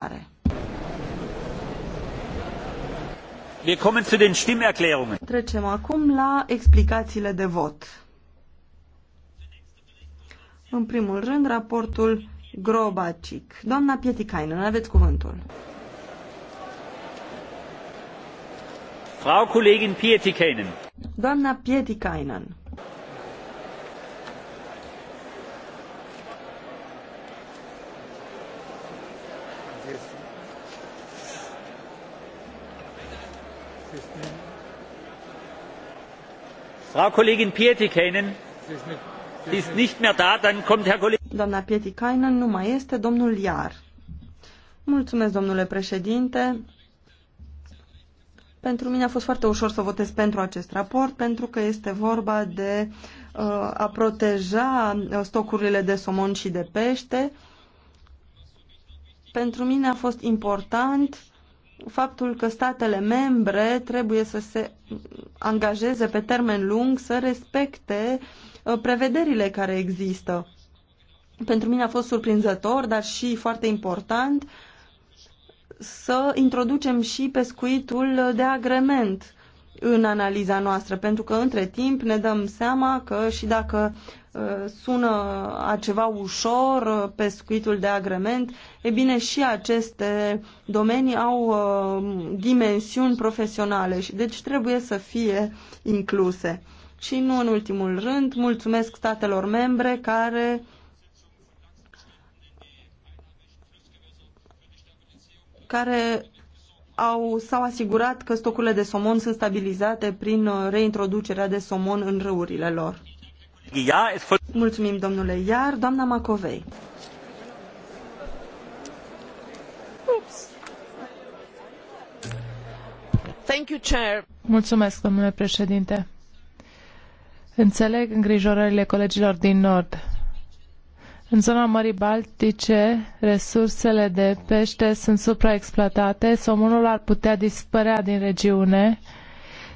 are. Wir kommen zu den Stimmerklärungen. Trecem acum la explicațiile de vot. În primul rând, raportul Grobacic. Doamna Pietikainen, aveți cuvântul. Frau Kollegin Pietikainen. Doamna Pietikainen. Frau Kollegin ist nicht mehr da, dann kommt Herr Kollege. Doamna Pietikainen nu mai este, domnul Iar. Mulțumesc, domnule președinte. Pentru mine a fost foarte ușor să votez pentru acest raport, pentru că este vorba de uh, a proteja uh, stocurile de somon și de pește. Pentru mine a fost important uh, faptul că statele membre trebuie să se angajeze pe termen lung să respecte uh, prevederile care există. Pentru mine a fost surprinzător, dar și foarte important să introducem și pescuitul de agrement în analiza noastră, pentru că între timp ne dăm seama că și dacă uh, sună a ceva ușor, uh, pescuitul de agrement, e bine și aceste domenii au uh, dimensiuni profesionale și deci trebuie să fie incluse. Și nu în ultimul rând, mulțumesc statelor membre care care au, s-au asigurat că stocurile de somon sunt stabilizate prin uh, reintroducerea de somon în râurile lor. Mulțumim, domnule Iar. Doamna Macovei. Thank you, Chair. Mulțumesc, domnule președinte. Înțeleg îngrijorările colegilor din Nord în zona Mării Baltice, resursele de pește sunt supraexploatate, somonul ar putea dispărea din regiune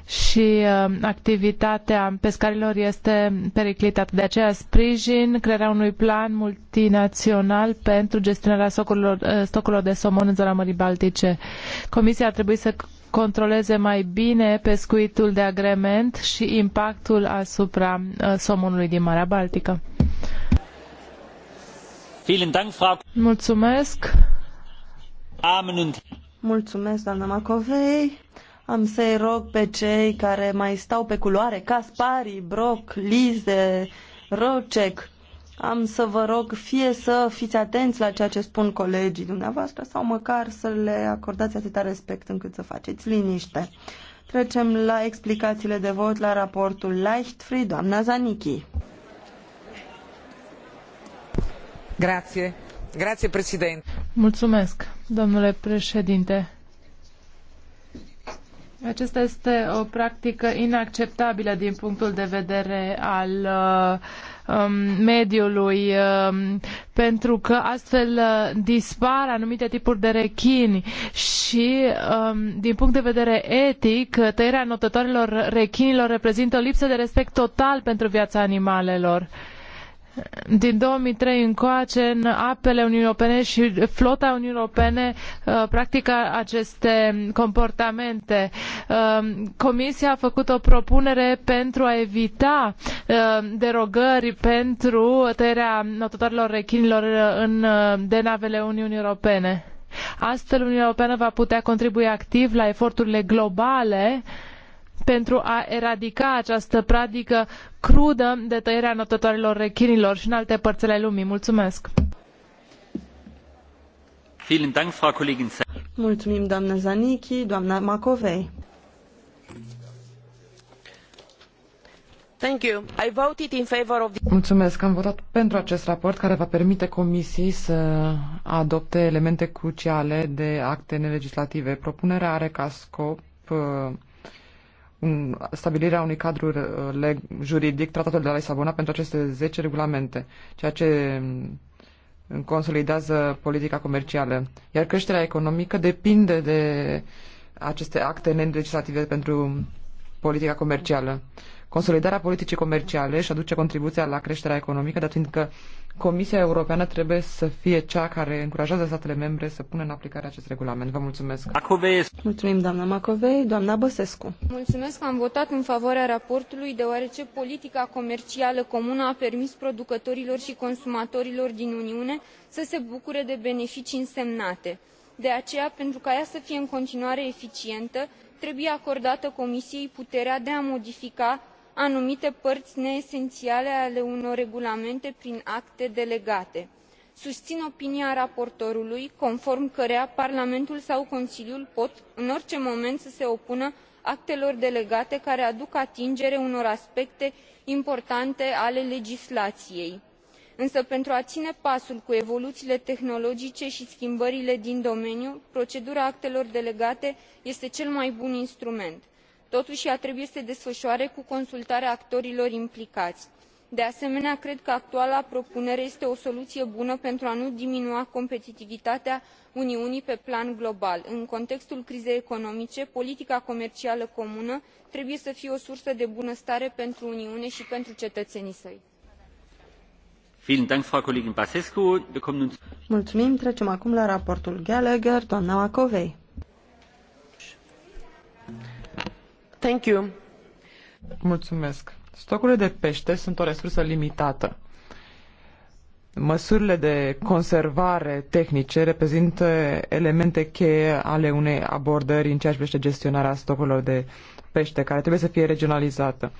și uh, activitatea pescarilor este periclitată. De aceea sprijin crearea unui plan multinațional pentru gestionarea stocurilor, uh, stocurilor de somon în zona Mării Baltice. Comisia ar trebui să controleze mai bine pescuitul de agrement și impactul asupra uh, somonului din Marea Baltică. Mulțumesc. Mulțumesc, doamna Macovei. Am să-i rog pe cei care mai stau pe culoare, Caspari, Broc, Lize, Rocek, am să vă rog fie să fiți atenți la ceea ce spun colegii dumneavoastră sau măcar să le acordați atâta respect încât să faceți liniște. Trecem la explicațiile de vot la raportul Leichtfried, doamna Zanichi. Mulțumesc, domnule președinte. Aceasta este o practică inacceptabilă din punctul de vedere al uh, um, mediului, um, pentru că astfel uh, dispar anumite tipuri de rechini și, um, din punct de vedere etic, tăierea notătorilor rechinilor reprezintă o lipsă de respect total pentru viața animalelor. Uh, din 2003 încoace în apele Uniunii Europene și flota Uniunii Europene uh, practică aceste comportamente. Um, Comisia a făcut o propunere pentru a evita uh, derogări pentru tăierea notătorilor rechinilor uh, în, de navele Uniunii Europene. Astfel, Uniunea Europeană va putea contribui activ la eforturile globale uh, pentru a eradica această practică crudă de tăierea a notătoarelor rechinilor și în alte părți ale lumii. Mulțumesc! Mulțumim, doamna Zanichi, doamna Macovei. Thank you. I voted in favor of... Mulțumesc, am votat pentru acest raport care va permite comisiei să adopte elemente cruciale de acte nelegislative. Propunerea are ca scop uh, stabilirea unui cadru uh, juridic, tratatul de la Lisabona, pentru aceste 10 regulamente, ceea ce mm, consolidează politica comercială. Iar creșterea economică depinde de aceste acte nelegislative pentru politica comercială. Consolidarea politicii comerciale și aduce contribuția la creșterea economică, dar fiindcă Comisia Europeană trebuie să fie cea care încurajează statele membre să pună în aplicare acest regulament. Vă mulțumesc. Macovei. Mulțumim, doamna Macovei. Doamna Băsescu. Mulțumesc, că am votat în favoarea raportului, deoarece politica comercială comună a permis producătorilor și consumatorilor din Uniune să se bucure de beneficii însemnate. De aceea, pentru ca ea să fie în continuare eficientă, trebuie acordată Comisiei puterea de a modifica anumite pări neeseniale ale unor regulamente prin acte delegate. susin opinia raportorului conform căreia parlamentul sau consiliul pot în orice moment să se opună actelor delegate care aduc atingere unor aspecte importante ale legislaiei însă pentru a ine pasul cu evoluiile tehnologice i schimbările din domeniu procedura actelor delegate este cel mai bun instrument totui ea trebuie să se desfăoare cu consultarea actorilor implicai. de asemenea cred că actuala propunere este o soluie bună pentru a nu diminua competitivitatea uniunii pe plan global. în contextul crizei economice politica comercială comună trebuie să fie o sursă de bunăstare pentru uniune i pentru cetăenii săi. Mulțumim. acum la raportul Gallagher, Thank you. Mulțumesc. Stocurile de pește sunt o resursă limitată. Măsurile de conservare tehnice reprezintă elemente cheie ale unei abordări în ceea ce privește gestionarea stocurilor de pește, care trebuie să fie regionalizată.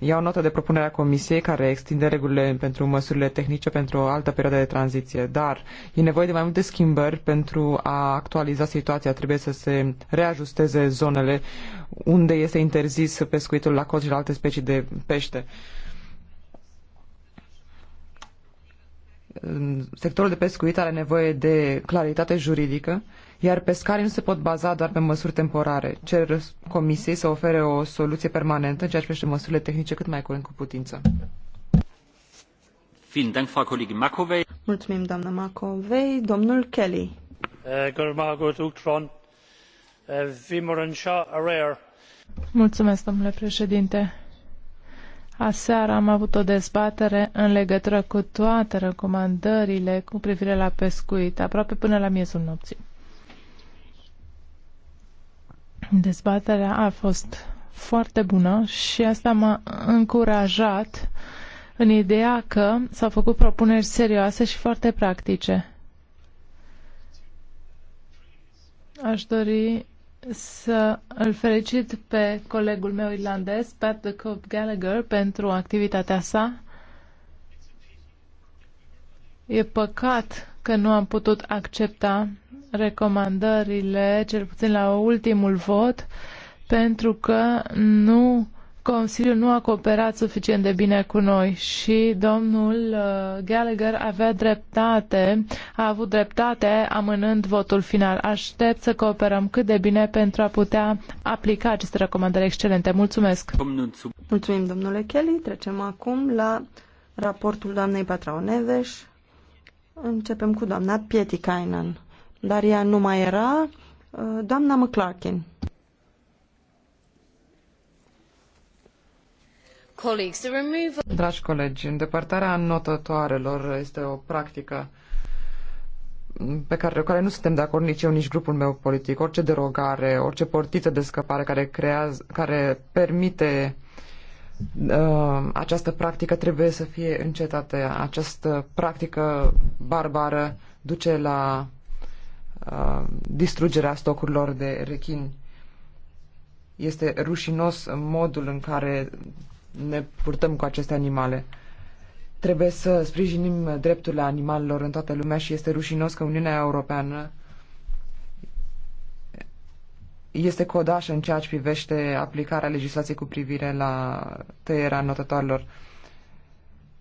Iau notă de propunerea Comisiei care extinde regulile pentru măsurile tehnice pentru o altă perioadă de tranziție, dar e nevoie de mai multe schimbări pentru a actualiza situația. Trebuie să se reajusteze zonele unde este interzis pescuitul la cod și la alte specii de pește. Sectorul de pescuit are nevoie de claritate juridică iar pescarii nu se pot baza doar pe măsuri temporare. Cer Comisiei să ofere o soluție permanentă în ceea ce privește măsurile tehnice cât mai curând cu putință. Mulțumim, doamna Macovei. Domnul Kelly. Eh, eh, Mulțumesc, domnule președinte. Aseară am avut o dezbatere în legătură cu toate recomandările cu privire la pescuit, aproape până la miezul nopții. Dezbaterea a fost foarte bună și asta m-a încurajat în ideea că s-au făcut propuneri serioase și foarte practice. Aș dori să îl felicit pe colegul meu irlandez, Pat de Cope Gallagher, pentru activitatea sa. E păcat că nu am putut accepta recomandările, cel puțin la ultimul vot, pentru că nu Consiliul nu a cooperat suficient de bine cu noi și domnul uh, Gallagher avea dreptate, a avut dreptate amânând votul final. Aștept să cooperăm cât de bine pentru a putea aplica aceste recomandări excelente. Mulțumesc! Mulțumim, domnule Kelly. Trecem acum la raportul doamnei Patraoneveș. Începem cu doamna Pietikainen dar ea nu mai era. Uh, doamna McClarkin. Dragi colegi, îndepărtarea notătoarelor este o practică pe care, care nu suntem de acord nici eu, nici grupul meu politic. Orice derogare, orice portiță de scăpare care, creează, care permite uh, această practică trebuie să fie încetată. Această practică barbară duce la Uh, distrugerea stocurilor de rechin. Este rușinos modul în care ne purtăm cu aceste animale. Trebuie să sprijinim drepturile animalelor în toată lumea și este rușinos că Uniunea Europeană este codașă în ceea ce privește aplicarea legislației cu privire la tăierea notătoarelor.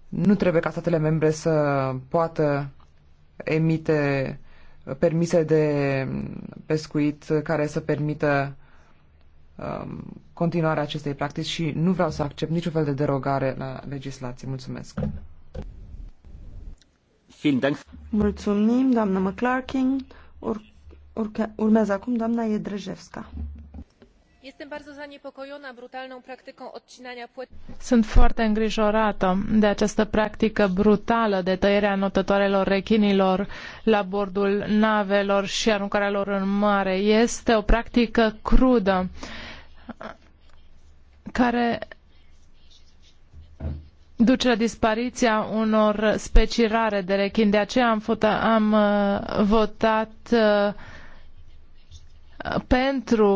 Nu trebuie ca statele membre să poată emite permise de pescuit care să permită um, continuarea acestei practici și nu vreau să accept niciun fel de derogare la legislație. Mulțumesc! Mulțumim, doamnă McClarkin. Ur urmează acum doamna Iedrejevska. Sunt foarte îngrijorată de această practică brutală de tăierea notătoarelor rechinilor la bordul navelor și aruncarea lor în mare. Este o practică crudă care duce la dispariția unor specii rare de rechin. De aceea am, am uh, votat uh, pentru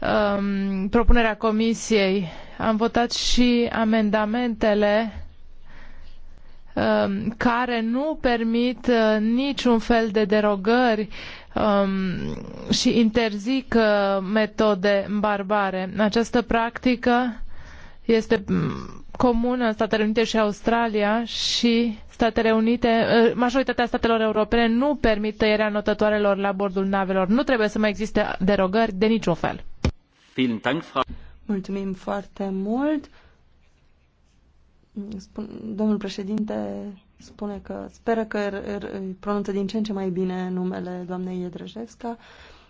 um, propunerea comisiei. Am votat și amendamentele um, care nu permit uh, niciun fel de derogări um, și interzic uh, metode barbare. Această practică este mm, comună în Statele Unite și Australia și Statele Unite, eh, majoritatea statelor europene nu permit tăierea notătoarelor la bordul navelor. Nu trebuie să mai existe derogări de niciun fel. Mulțumim foarte mult. domnul președinte spune că speră că er- er- pronunță din ce în ce mai bine numele doamnei Iedrăjevska.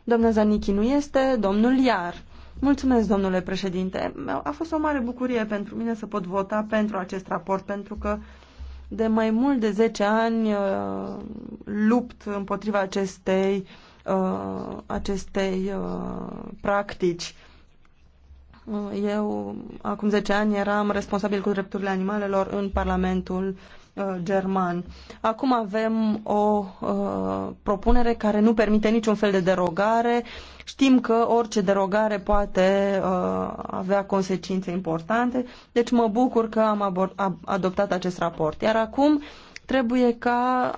Doamna Zanichi nu este, domnul Iar. Mulțumesc, domnule președinte. A fost o mare bucurie pentru mine să pot vota pentru acest raport, pentru că de mai mult de 10 ani uh, lupt împotriva acestei, uh, acestei uh, practici. Eu, acum 10 ani, eram responsabil cu drepturile animalelor în Parlamentul Uh, german. Acum avem o uh, propunere care nu permite niciun fel de derogare. Știm că orice derogare poate uh, avea consecințe importante, deci mă bucur că am adoptat acest raport. Iar acum trebuie ca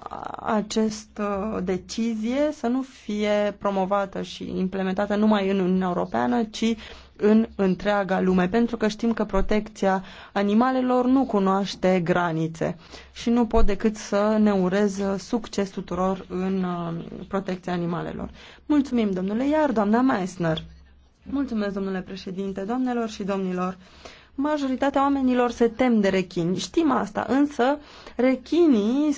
această uh, decizie să nu fie promovată și implementată numai în Uniunea Europeană, ci în întreaga lume, pentru că știm că protecția animalelor nu cunoaște granițe și nu pot decât să ne urez succes tuturor în uh, protecția animalelor. Mulțumim, domnule Iar, doamna Meissner. Mulțumesc, domnule președinte, doamnelor și domnilor majoritatea oamenilor se tem de rechini. Știm asta, însă rechinii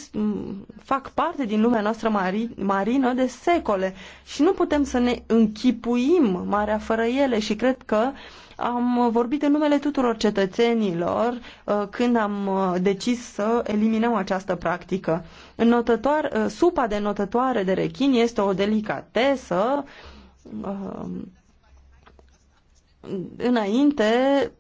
fac parte din lumea noastră mari, marină de secole și nu putem să ne închipuim marea fără ele și cred că am vorbit în numele tuturor cetățenilor uh, când am uh, decis să eliminăm această practică. Notătoar, uh, supa de notătoare de rechini este o delicatesă înainte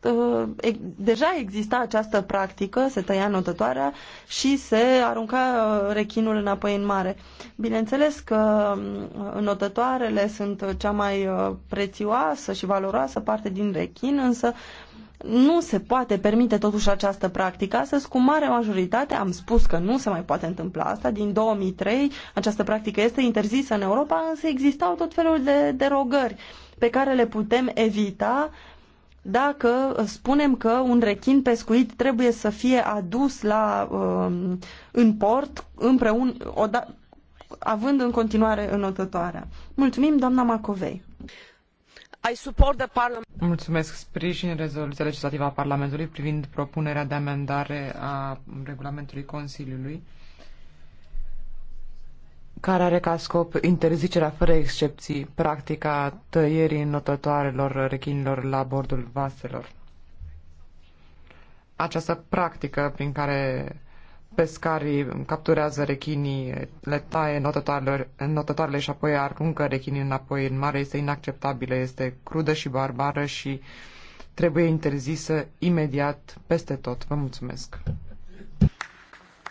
uh, deja exista această practică, se tăia notătoarea și se arunca uh, rechinul înapoi în mare. Bineînțeles că uh, notătoarele sunt cea mai prețioasă și valoroasă parte din rechin, însă nu se poate permite totuși această practică. Astăzi, cu mare majoritate, am spus că nu se mai poate întâmpla asta. Din 2003, această practică este interzisă în Europa, însă existau tot felul de derogări pe care le putem evita dacă spunem că un rechin pescuit trebuie să fie adus la, um, în port împreună, da, având în continuare înotătoarea. Mulțumim, doamna Macovei. I support the parliament. Mulțumesc. Sprijin rezoluția legislativă a Parlamentului privind propunerea de amendare a regulamentului Consiliului care are ca scop interzicerea fără excepții practica tăierii notătoarelor rechinilor la bordul vaselor. Această practică prin care pescarii capturează rechinii, le taie notătoarele, și apoi aruncă rechinii înapoi în mare este inacceptabilă, este crudă și barbară și trebuie interzisă imediat peste tot. Vă mulțumesc!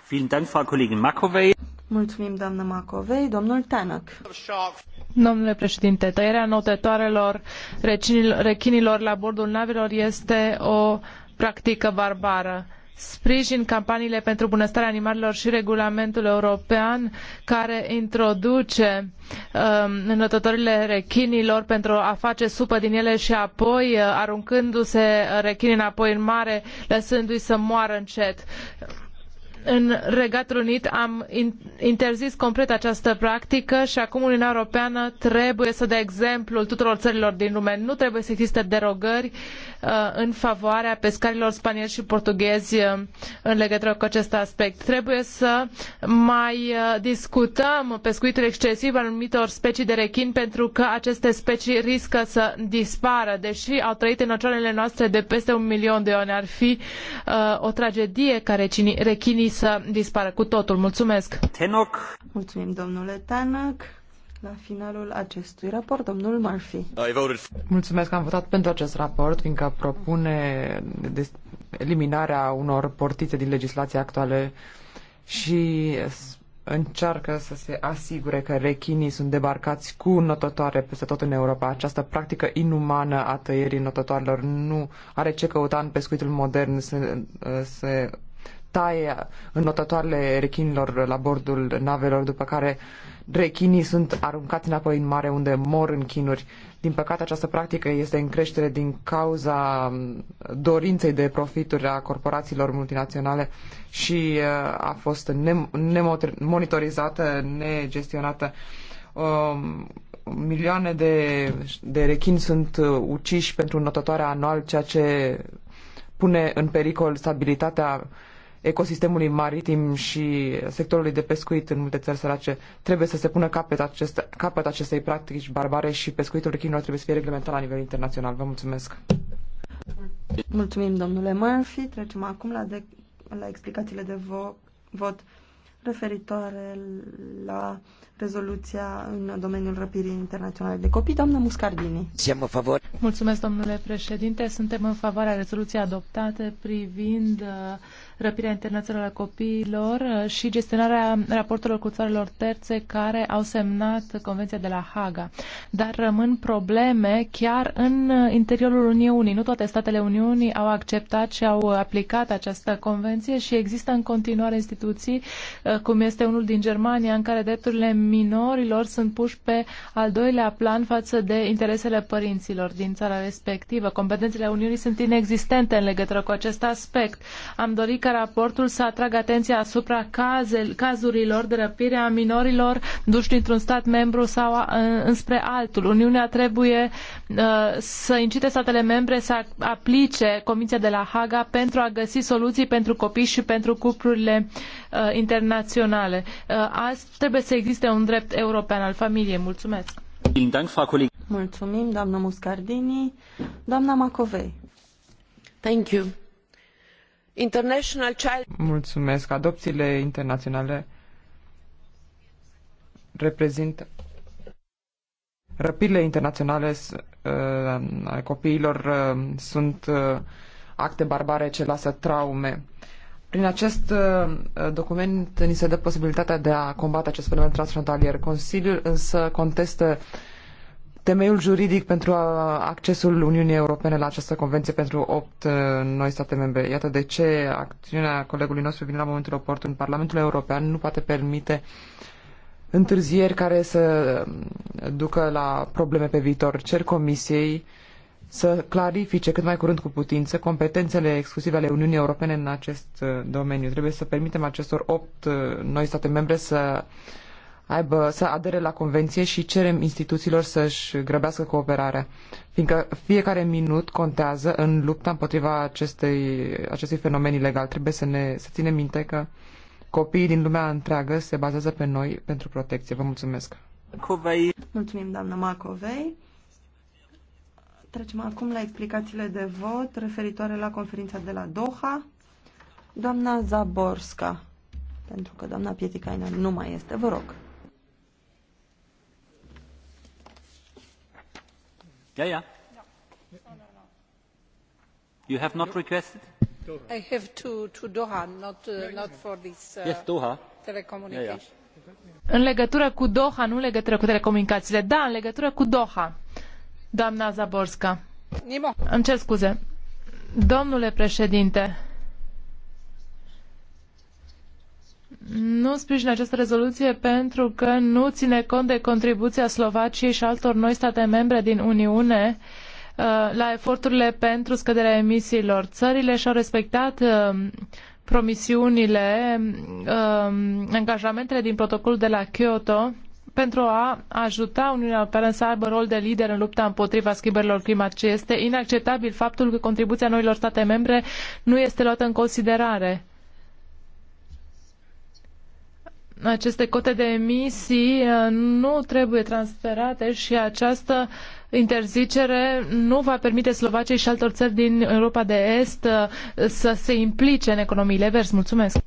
Vielen Dank, Frau Kollegin Makovey. Mulțumim, doamnă Macovei. Domnul Tanăc. Domnule președinte, tăierea notătoarelor rechinilor la bordul navelor este o practică barbară sprijin campaniile pentru bunăstarea animalelor și regulamentul european care introduce um, înătătorile rechinilor pentru a face supă din ele și apoi uh, aruncându-se rechinii înapoi în mare, lăsându-i să moară încet în Regatul Unit am interzis complet această practică și acum Uniunea Europeană trebuie să dea exemplul tuturor țărilor din lume. Nu trebuie să existe derogări uh, în favoarea pescarilor spanieli și portughezi uh, în legătură cu acest aspect. Trebuie să mai uh, discutăm pescuitul excesiv al anumitor specii de rechin pentru că aceste specii riscă să dispară. Deși au trăit în oceanele noastre de peste un milion de ani, ar fi o tragedie care rechinii să dispară cu totul. Mulțumesc! Tenoc. Mulțumim, domnule Tanac! La finalul acestui raport, domnul Murphy. Da, Mulțumesc, am votat pentru acest raport, fiindcă propune eliminarea unor portițe din legislația actuală și încearcă să se asigure că rechinii sunt debarcați cu notătoare peste tot în Europa. Această practică inumană a tăierii notătoarelor nu are ce căuta în pescuitul modern. Se, se taie în notătoarele rechinilor la bordul navelor, după care rechinii sunt aruncați înapoi în mare unde mor în chinuri. Din păcate, această practică este în creștere din cauza mm, dorinței de profituri a corporațiilor multinaționale și uh, a fost nemonitorizată, negestionată. Um, milioane de, de rechini sunt uh, uciși pentru notătoarea anual, ceea ce pune în pericol stabilitatea ecosistemului maritim și sectorului de pescuit în multe țări sărace. Trebuie să se pună capăt, acest, capăt acestei practici barbare și pescuitul rechinilor trebuie să fie reglementat la nivel internațional. Vă mulțumesc! Mulțumim, domnule Murphy. Trecem acum la, de, la explicațiile de vo, vot referitoare la rezoluția în domeniul răpirii internaționale de copii. Doamna Muscardini. Siamo favor. Mulțumesc, domnule președinte. Suntem în favoarea rezoluției adoptate privind uh, răpirea internațională a copiilor uh, și gestionarea raportelor cu țărilor terțe care au semnat Convenția de la Haga. Dar rămân probleme chiar în uh, interiorul Uniunii. Nu toate statele Uniunii au acceptat și au aplicat această convenție și există în continuare instituții, uh, cum este unul din Germania, în care drepturile minorilor sunt puși pe al doilea plan față de interesele părinților din țara respectivă. Competențele Uniunii sunt inexistente în legătură cu acest aspect. Am dorit ca raportul să atragă atenția asupra cazel, cazurilor de răpire a minorilor duși dintr-un stat membru sau a, înspre altul. Uniunea trebuie uh, să incite statele membre să aplice comisia de la Haga pentru a găsi soluții pentru copii și pentru cuplurile uh, internaționale. Uh, azi trebuie să existe un drept european al familiei. Mulțumesc! Mulțumim, doamna Muscardini. Doamna Macovei. Thank you. International Child... Mulțumesc. Adopțiile internaționale reprezintă... Răpirile internaționale uh, ale copiilor uh, sunt uh, acte barbare ce lasă traume. Prin acest uh, document ni se dă posibilitatea de a combate acest fenomen transfrontalier. Consiliul însă contestă temeiul juridic pentru uh, accesul Uniunii Europene la această convenție pentru opt uh, noi state membre. Iată de ce acțiunea colegului nostru vine la momentul oportun. Parlamentul European nu poate permite întârzieri care să um, ducă la probleme pe viitor. Cer Comisiei să clarifice cât mai curând cu putință competențele exclusive ale Uniunii Europene în acest uh, domeniu. Trebuie să permitem acestor opt noi state membre să uh, aibă, să adere la convenție și cerem instituțiilor să-și grăbească cooperarea, fiindcă fiecare minut contează în lupta împotriva acestei, acestui fenomen ilegal. Trebuie să ne să ținem minte că copiii din lumea întreagă se bazează pe noi pentru protecție. Vă mulțumesc! Covei. Mulțumim, doamnă Macovei. Trecem acum la explicațiile de vot referitoare la conferința de la Doha. Doamna Zaborska, pentru că doamna Pietikainen nu mai este, vă rog. Yeah, yeah. You have not requested? I have to, to Doha, not, uh, not for this uh, yes, Doha. telecommunication. Yeah, yeah. În legătură cu Doha, nu în legătură cu telecomunicațiile. Da, în legătură cu Doha, doamna Zaborska. Nimo. Îmi cer scuze. Domnule președinte, nu sprijin această rezoluție pentru că nu ține cont de contribuția Slovaciei și altor noi state membre din Uniune uh, la eforturile pentru scăderea emisiilor. Țările și-au respectat uh, promisiunile, um, angajamentele din protocolul de la Kyoto pentru a ajuta Uniunea Europeană să aibă rol de lider în lupta împotriva schimbărilor climatice. Este inacceptabil faptul că contribuția noilor state membre nu este luată în considerare. aceste cote de emisii uh, nu trebuie transferate și această interzicere nu va permite Slovaciei și altor țări din Europa de Est uh, să se implice în economiile verzi. Mulțumesc!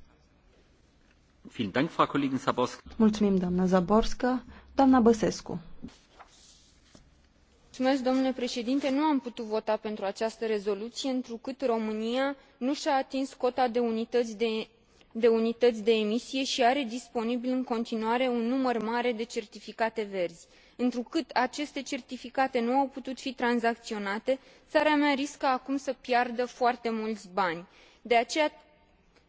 Mulțumim, doamna Zaborska. Doamna Băsescu. Mulțumesc, domnule președinte. Nu am putut vota pentru această rezoluție, întrucât România nu și-a atins cota de unități de de unităi de emisie i are disponibil în continuare un număr mare de certificate verzi. întrucât aceste certificate nu au putut fi tranzacionate ara mea riscă acum să piardă foarte muli bani. de aceea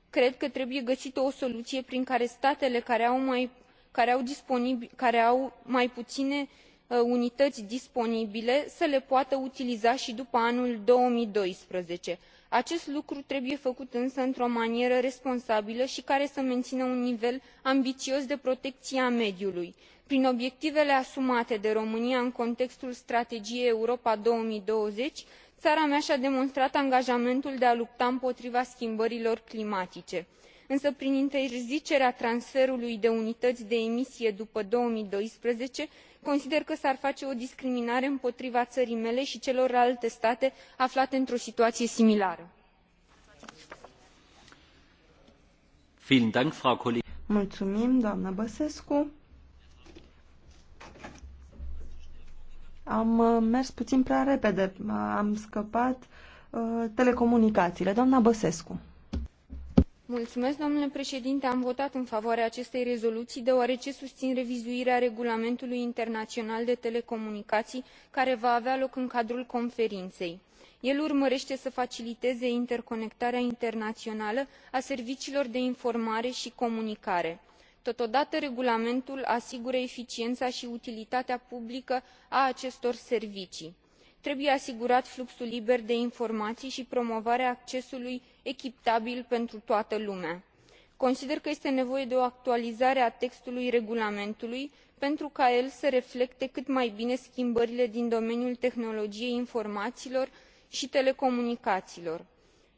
cred că trebuie găsită o soluie prin care statele care au mai puine uh, unităi disponibile să le poată utiliza i după anul două mii doisprezece acest lucru trebuie făcut însă într o manieră responsabilă i care să menină un nivel ambiios de protecie a mediului. prin obiectivele asumate de românia în contextul strategiei europa două mii douăzeci ara mea i a demonstrat angajamentul de a lupta împotriva schimbărilor climatice însă prin interzicerea transferului de unităi de emisie după două mii doisprezece consider că s ar face o discriminare împotriva ării mele i celorlalte state aflate într o situaie similară. Mulțumim, doamnă Băsescu. Am uh, mers puțin prea repede, am scăpat uh, telecomunicațiile. Doamna Băsescu am votat în favoarea acestei rezoluii deoarece susin revizuirea regulamentului internaional de telecomunicaii care va avea loc în cadrul conferinei. el urmărete să faciliteze interconectarea internaională a serviciilor de informare i comunicare. totodată regulamentul asigură eficiena i utilitatea publică a acestor servicii trebuie asigurat fluxul liber de informaii i promovarea accesului echitabil pentru toată lumea. consider că este nevoie de o actualizare a textului regulamentului pentru ca el să reflecte cât mai bine schimbările din domeniul tehnologiei informaiilor i telecomunicaiilor.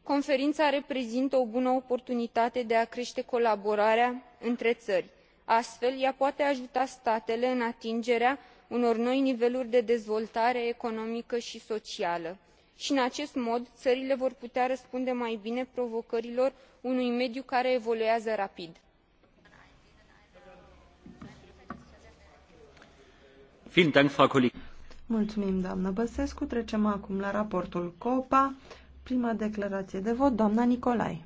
conferina reprezintă o bună oportunitate de a crete colaborarea între ări astfel ea poate ajuta statele în atingerea unor noi niveluri de dezvoltare economică i socială i în acest mod ările vor putea răspunde mai bine provocărilor unui mediu care evoluează rapid. Mulțumim, doamnă Băsescu. Trecem acum la raportul COPA. Prima declarație de vot, doamna Nicolai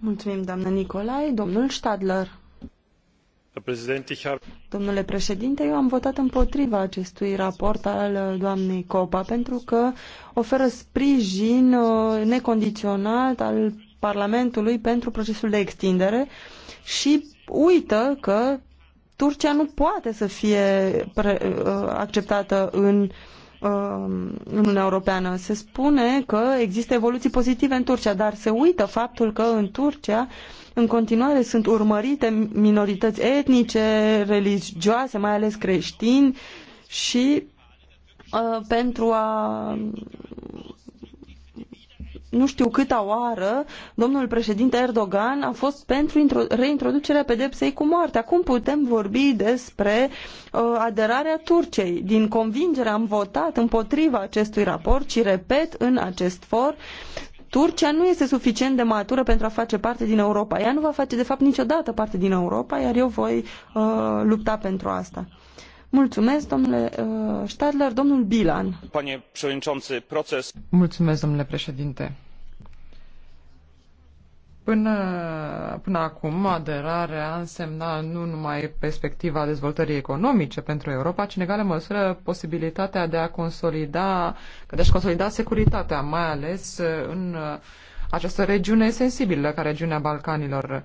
Mulțumim, Nicolae. Domnul Stadler. Domnule președinte, eu am votat împotriva acestui raport al uh, doamnei Copa pentru că oferă sprijin uh, necondiționat al Parlamentului pentru procesul de extindere și uită că Turcia nu poate să fie uh, acceptată în uh, Um, în Uniunea Europeană. Se spune că există evoluții pozitive în Turcia, dar se uită faptul că în Turcia în continuare sunt urmărite minorități etnice, religioase, mai ales creștini și uh, pentru a nu știu câta oară, domnul președinte Erdogan a fost pentru reintroducerea pedepsei cu moartea. Cum putem vorbi despre uh, aderarea Turciei? Din convingere am votat împotriva acestui raport și repet în acest for Turcia nu este suficient de matură pentru a face parte din Europa. Ea nu va face, de fapt, niciodată parte din Europa, iar eu voi uh, lupta pentru asta. Mulțumesc, domnule uh, Stadler, domnul Bilan. Panie proces. Până, până acum, aderarea însemna nu numai perspectiva dezvoltării economice pentru Europa, ci în egală măsură posibilitatea de a consolida, de a consolida securitatea, mai ales în această regiune sensibilă, ca regiunea Balcanilor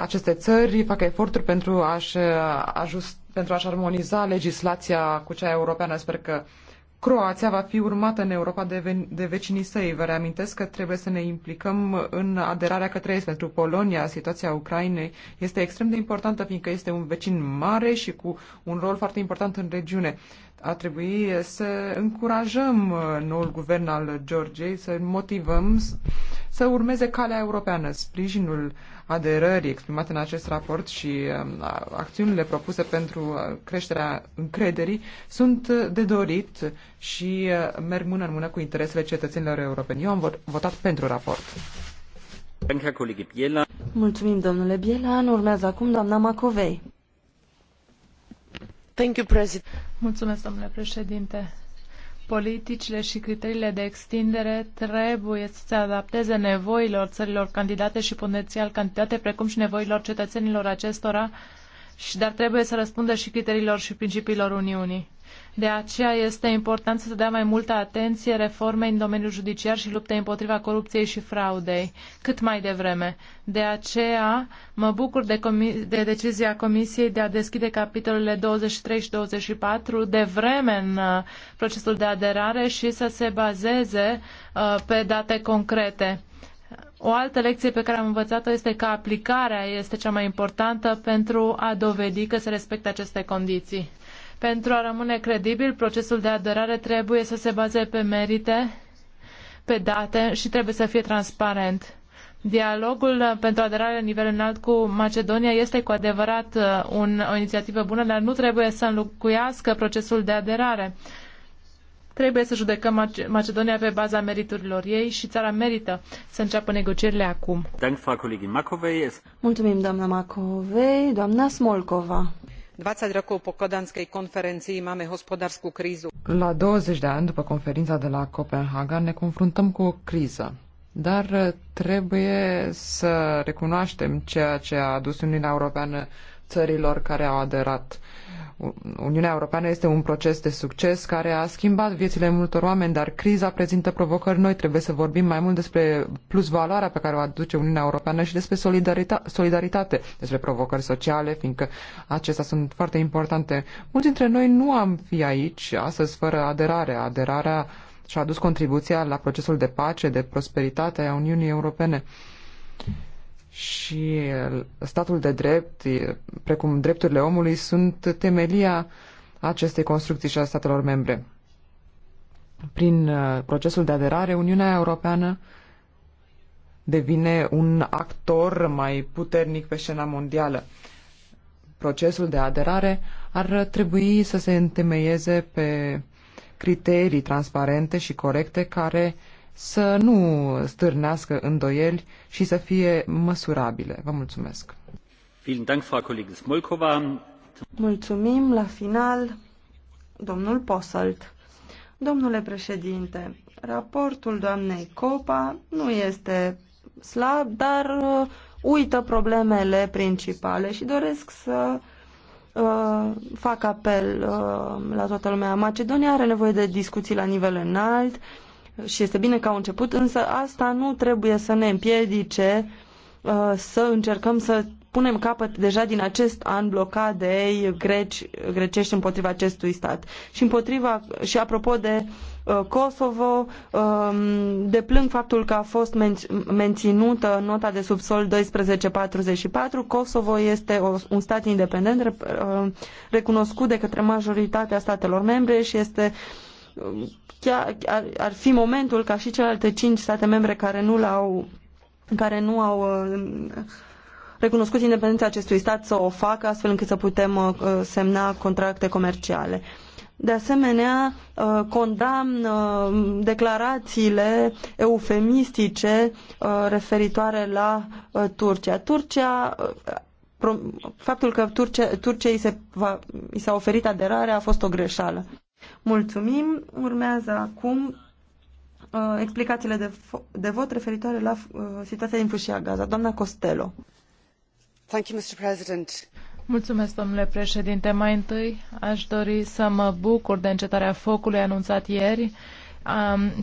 aceste țări fac eforturi pentru a-și, uh, ajust, pentru a-și armoniza legislația cu cea europeană. Sper că Croația va fi urmată în Europa de, ven- de vecinii săi. Vă reamintesc că trebuie să ne implicăm în aderarea către est. Pentru Polonia, situația Ucrainei este extrem de importantă, fiindcă este un vecin mare și cu un rol foarte important în regiune. Ar trebui să încurajăm uh, noul guvern al Georgiei, să motivăm să urmeze calea europeană. Sprijinul aderării exprimat în acest raport și um, acțiunile propuse pentru uh, creșterea încrederii sunt uh, de dorit și uh, merg mână în mână cu interesele cetățenilor europeni. Eu am votat pentru raport. Mulțumim, domnule Bielan. Urmează acum doamna Macovei. Mulțumesc, domnule președinte politicile și criteriile de extindere trebuie să se adapteze nevoilor țărilor candidate și potențial candidate, precum și nevoilor cetățenilor acestora, și dar trebuie să răspundă și criteriilor și principiilor Uniunii. De aceea este important să se dea mai multă atenție reformei în domeniul judiciar și luptei împotriva corupției și fraudei, cât mai devreme. De aceea mă bucur de, comi- de decizia Comisiei de a deschide capitolele 23 și 24 de vreme în uh, procesul de aderare și să se bazeze uh, pe date concrete. O altă lecție pe care am învățat-o este că aplicarea este cea mai importantă pentru a dovedi că se respectă aceste condiții. Pentru a rămâne credibil, procesul de aderare trebuie să se bazeze pe merite, pe date și trebuie să fie transparent. Dialogul pentru aderare la nivel înalt cu Macedonia este cu adevărat uh, un, o inițiativă bună, dar nu trebuie să înlocuiască procesul de aderare. Trebuie să judecăm Macedonia pe baza meriturilor ei și țara merită să înceapă negocierile acum. Mulțumim, doamna Macovei. Doamna Smolkova twenty rokov po kodanskej konferencii máme hospodársku krízu. La 20 de ani după conferința de la Copenhaga ne confruntăm cu o criză. Dar eh, trebuie să recunoaștem ceea ce a adus Uniunea Europeană țărilor care au aderat Uniunea Europeană este un proces de succes care a schimbat viețile multor oameni, dar criza prezintă provocări noi. Trebuie să vorbim mai mult despre plusvaloarea pe care o aduce Uniunea Europeană și despre solidarita- solidaritate, despre provocări sociale, fiindcă acestea sunt foarte importante. Mulți dintre noi nu am fi aici astăzi fără aderare. Aderarea și-a adus contribuția la procesul de pace, de prosperitate a Uniunii Europene și statul de drept, precum drepturile omului, sunt temelia acestei construcții și a statelor membre. Prin uh, procesul de aderare, Uniunea Europeană devine un actor mai puternic pe scena mondială. Procesul de aderare ar trebui să se întemeieze pe criterii transparente și corecte care uh, să nu stârnească îndoieli și să fie măsurabile. Vă mulțumesc! Mulțumim la final, domnul Posalt. Domnule președinte, raportul doamnei Copa nu este slab, dar uh, uită problemele principale și doresc să uh, fac apel uh, la toată lumea. Macedonia are nevoie de discuții la nivel înalt, uh, și este bine că au început, însă asta nu trebuie să ne împiedice uh, să încercăm să punem capăt deja din acest an blocadei greci, grecești împotriva acestui stat. Și, împotriva, și apropo de uh, Kosovo, um, deplâng faptul că a fost menținută nota de subsol 1244. Kosovo este un stat independent, uh, recunoscut de către majoritatea statelor membre și este chiar, ar, ar fi momentul ca și celelalte cinci state membre care nu l-au care nu au uh, recunoscut independența acestui stat să o facă astfel încât să putem uh, semna contracte comerciale. De asemenea, uh, condamn declarațiile eufemistice referitoare la Turcia. Turcia faptul că Turcia, Turciei se va, i s-a oferit aderarea a fost o greșeală. Mulțumim. Urmează acum uh, explicațiile de, de vot referitoare la uh, situația din Fâșia Gaza. Doamna Costello. Thank you, Mr. President. Mulțumesc, domnule președinte. Mai întâi aș dori să mă bucur de încetarea focului anunțat ieri.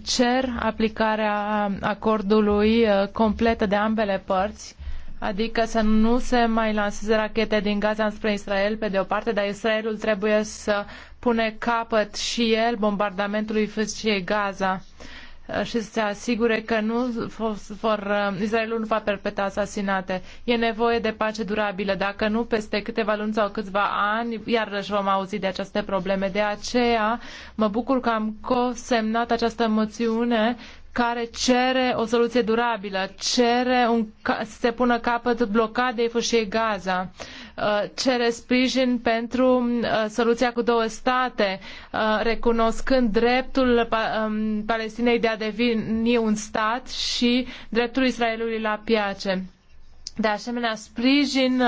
cer aplicarea acordului uh, complet de ambele părți Adică să nu se mai lanseze rachete din Gaza spre Israel, pe de o parte, dar Israelul trebuie să pune capăt și el bombardamentului fâșiei Gaza uh, și să se asigure că nu vor, uh, Israelul nu va perpetra asasinate. E nevoie de pace durabilă. Dacă nu, peste câteva luni sau câțiva ani, iarăși vom auzi de aceste probleme. De aceea mă bucur că am co-semnat această moțiune care cere o soluție durabilă, cere un, să se pună capăt blocadei fâșiei Gaza, uh, cere sprijin pentru uh, soluția cu două state, uh, recunoscând dreptul um, Palestinei de a deveni un stat și dreptul Israelului la piace. De asemenea, sprijin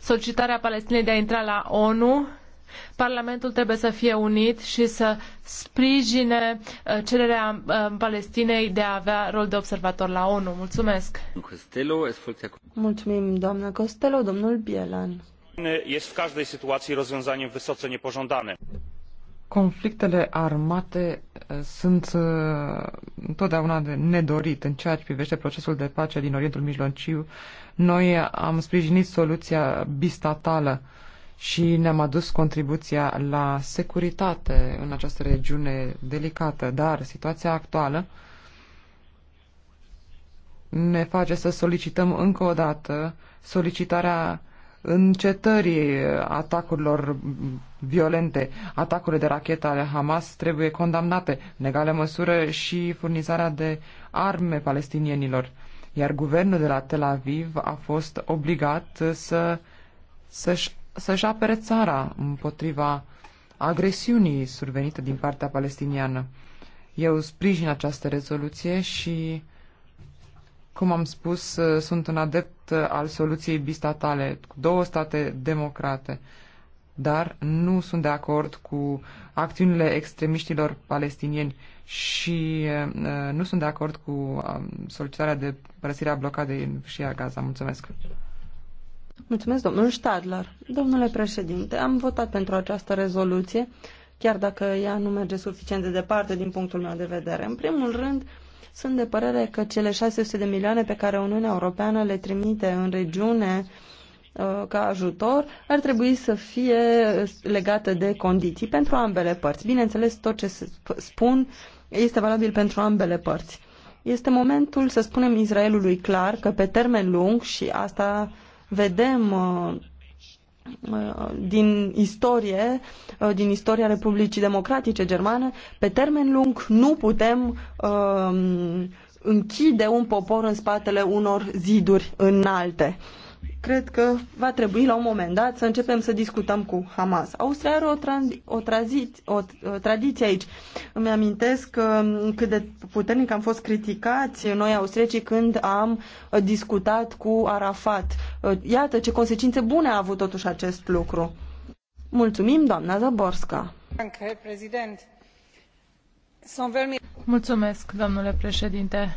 solicitarea Palestinei de a intra la ONU Parlamentul trebuie să fie unit și să sprijine uh, cererea uh, Palestinei de a avea rol de observator la ONU. Mulțumesc! Mulțumim, doamna Costello, domnul Bielan. Este în każdej sytuacji rozwiązaniem wysoce niepożądanym. Conflictele armate sunt întotdeauna de nedorit în ceea ce privește procesul de pace din Orientul Mijlociu. Noi am sprijinit soluția bistatală și ne-am adus contribuția la securitate în această regiune delicată, dar situația actuală ne face să solicităm încă o dată solicitarea încetării atacurilor violente. Atacurile de rachetă ale Hamas trebuie condamnate, în egală măsură și furnizarea de arme palestinienilor. Iar guvernul de la Tel Aviv a fost obligat să, să-și să-și apere țara împotriva agresiunii survenite din partea palestiniană. Eu sprijin această rezoluție și, cum am spus, sunt un adept al soluției bistatale, cu două state democrate, dar nu sunt de acord cu acțiunile extremiștilor palestinieni și nu sunt de acord cu um, solicitarea de părăsirea blocadei și a Gaza. Mulțumesc! Mulțumesc, domnul Stadler. Domnule președinte, am votat pentru această rezoluție, chiar dacă ea nu merge suficient de departe din punctul meu de vedere. În primul rând, sunt de părere că cele 600 de milioane pe care Uniunea Europeană le trimite în regiune uh, ca ajutor ar trebui să fie legată de condiții pentru ambele părți. Bineînțeles, tot ce spun este valabil pentru ambele părți. Este momentul să spunem Israelului clar că pe termen lung și asta vedem uh, uh, din istorie, uh, din istoria Republicii Democratice Germane, pe termen lung nu putem închide un popor în spatele unor ziduri înalte cred că va trebui la un moment dat să începem să discutăm cu Hamas. Austria are o, tra- o, trazit, o, o tradiție aici. Îmi amintesc că, um, cât de puternic am fost criticați noi austriecii când am uh, discutat cu Arafat. Uh, iată ce consecințe bune a avut totuși acest lucru. Mulțumim, doamna Zaborska. Mulțumesc, domnule președinte.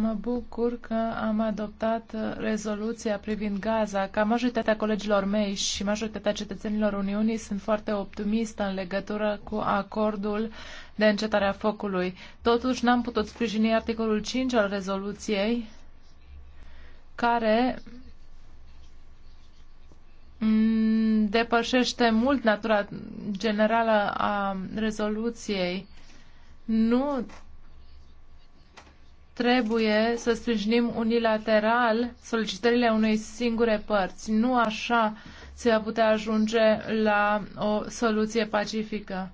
Mă bucur că am adoptat uh, rezoluția privind Gaza. Ca majoritatea colegilor mei și majoritatea cetățenilor Uniunii sunt foarte optimistă în legătură cu acordul de încetare a focului. Totuși n-am putut sprijini articolul 5 al rezoluției care depășește mult natura generală a rezoluției. Nu trebuie să sprijinim unilateral solicitările unei singure părți. Nu așa se va putea ajunge la o soluție pacifică.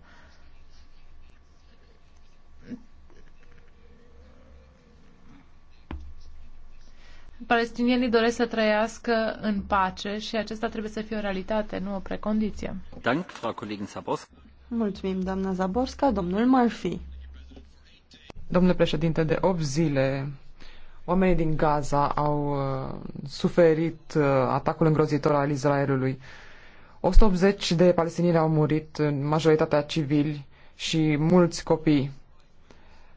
Palestinienii doresc să trăiască în pace și acesta trebuie să fie o realitate, nu o precondiție. Mulțumim, doamna Zaborska. Domnul Murphy. Domnule președinte, de 8 zile oamenii din Gaza au uh, suferit uh, atacul îngrozitor al Israelului. 180 de palestinieni au murit, majoritatea civili și mulți copii.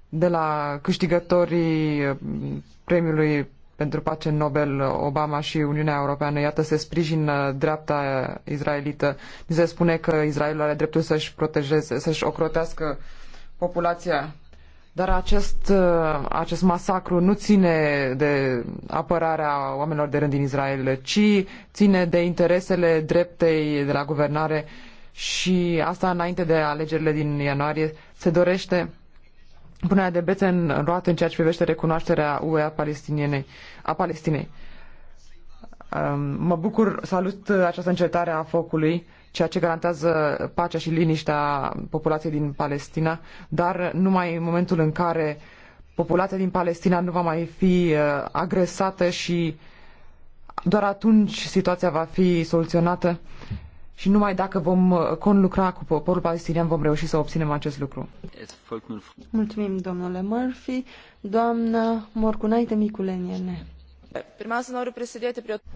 De la câștigătorii uh, premiului pentru pace Nobel uh, Obama și Uniunea Europeană, iată, se sprijină dreapta israelită. Ni se spune că Israelul are dreptul să-și protejeze, să-și ocrotească populația dar acest, uh, acest masacru nu ține de apărarea oamenilor de rând din Israel, ci ține de interesele dreptei de la guvernare și asta înainte de alegerile din ianuarie se dorește punerea de bețe în roată în ceea ce privește recunoașterea UE a, palestinienei, a Palestinei. Um, mă bucur, salut această încetare a focului ceea ce garantează pacea și liniștea populației din Palestina, dar numai în momentul în care populația din Palestina nu va mai fi uh, agresată și doar atunci situația va fi soluționată și numai dacă vom uh, conlucra cu poporul palestinian vom reuși să obținem acest lucru. Mulțumim, domnule Murphy. Doamna Morcunaite Miculeniene.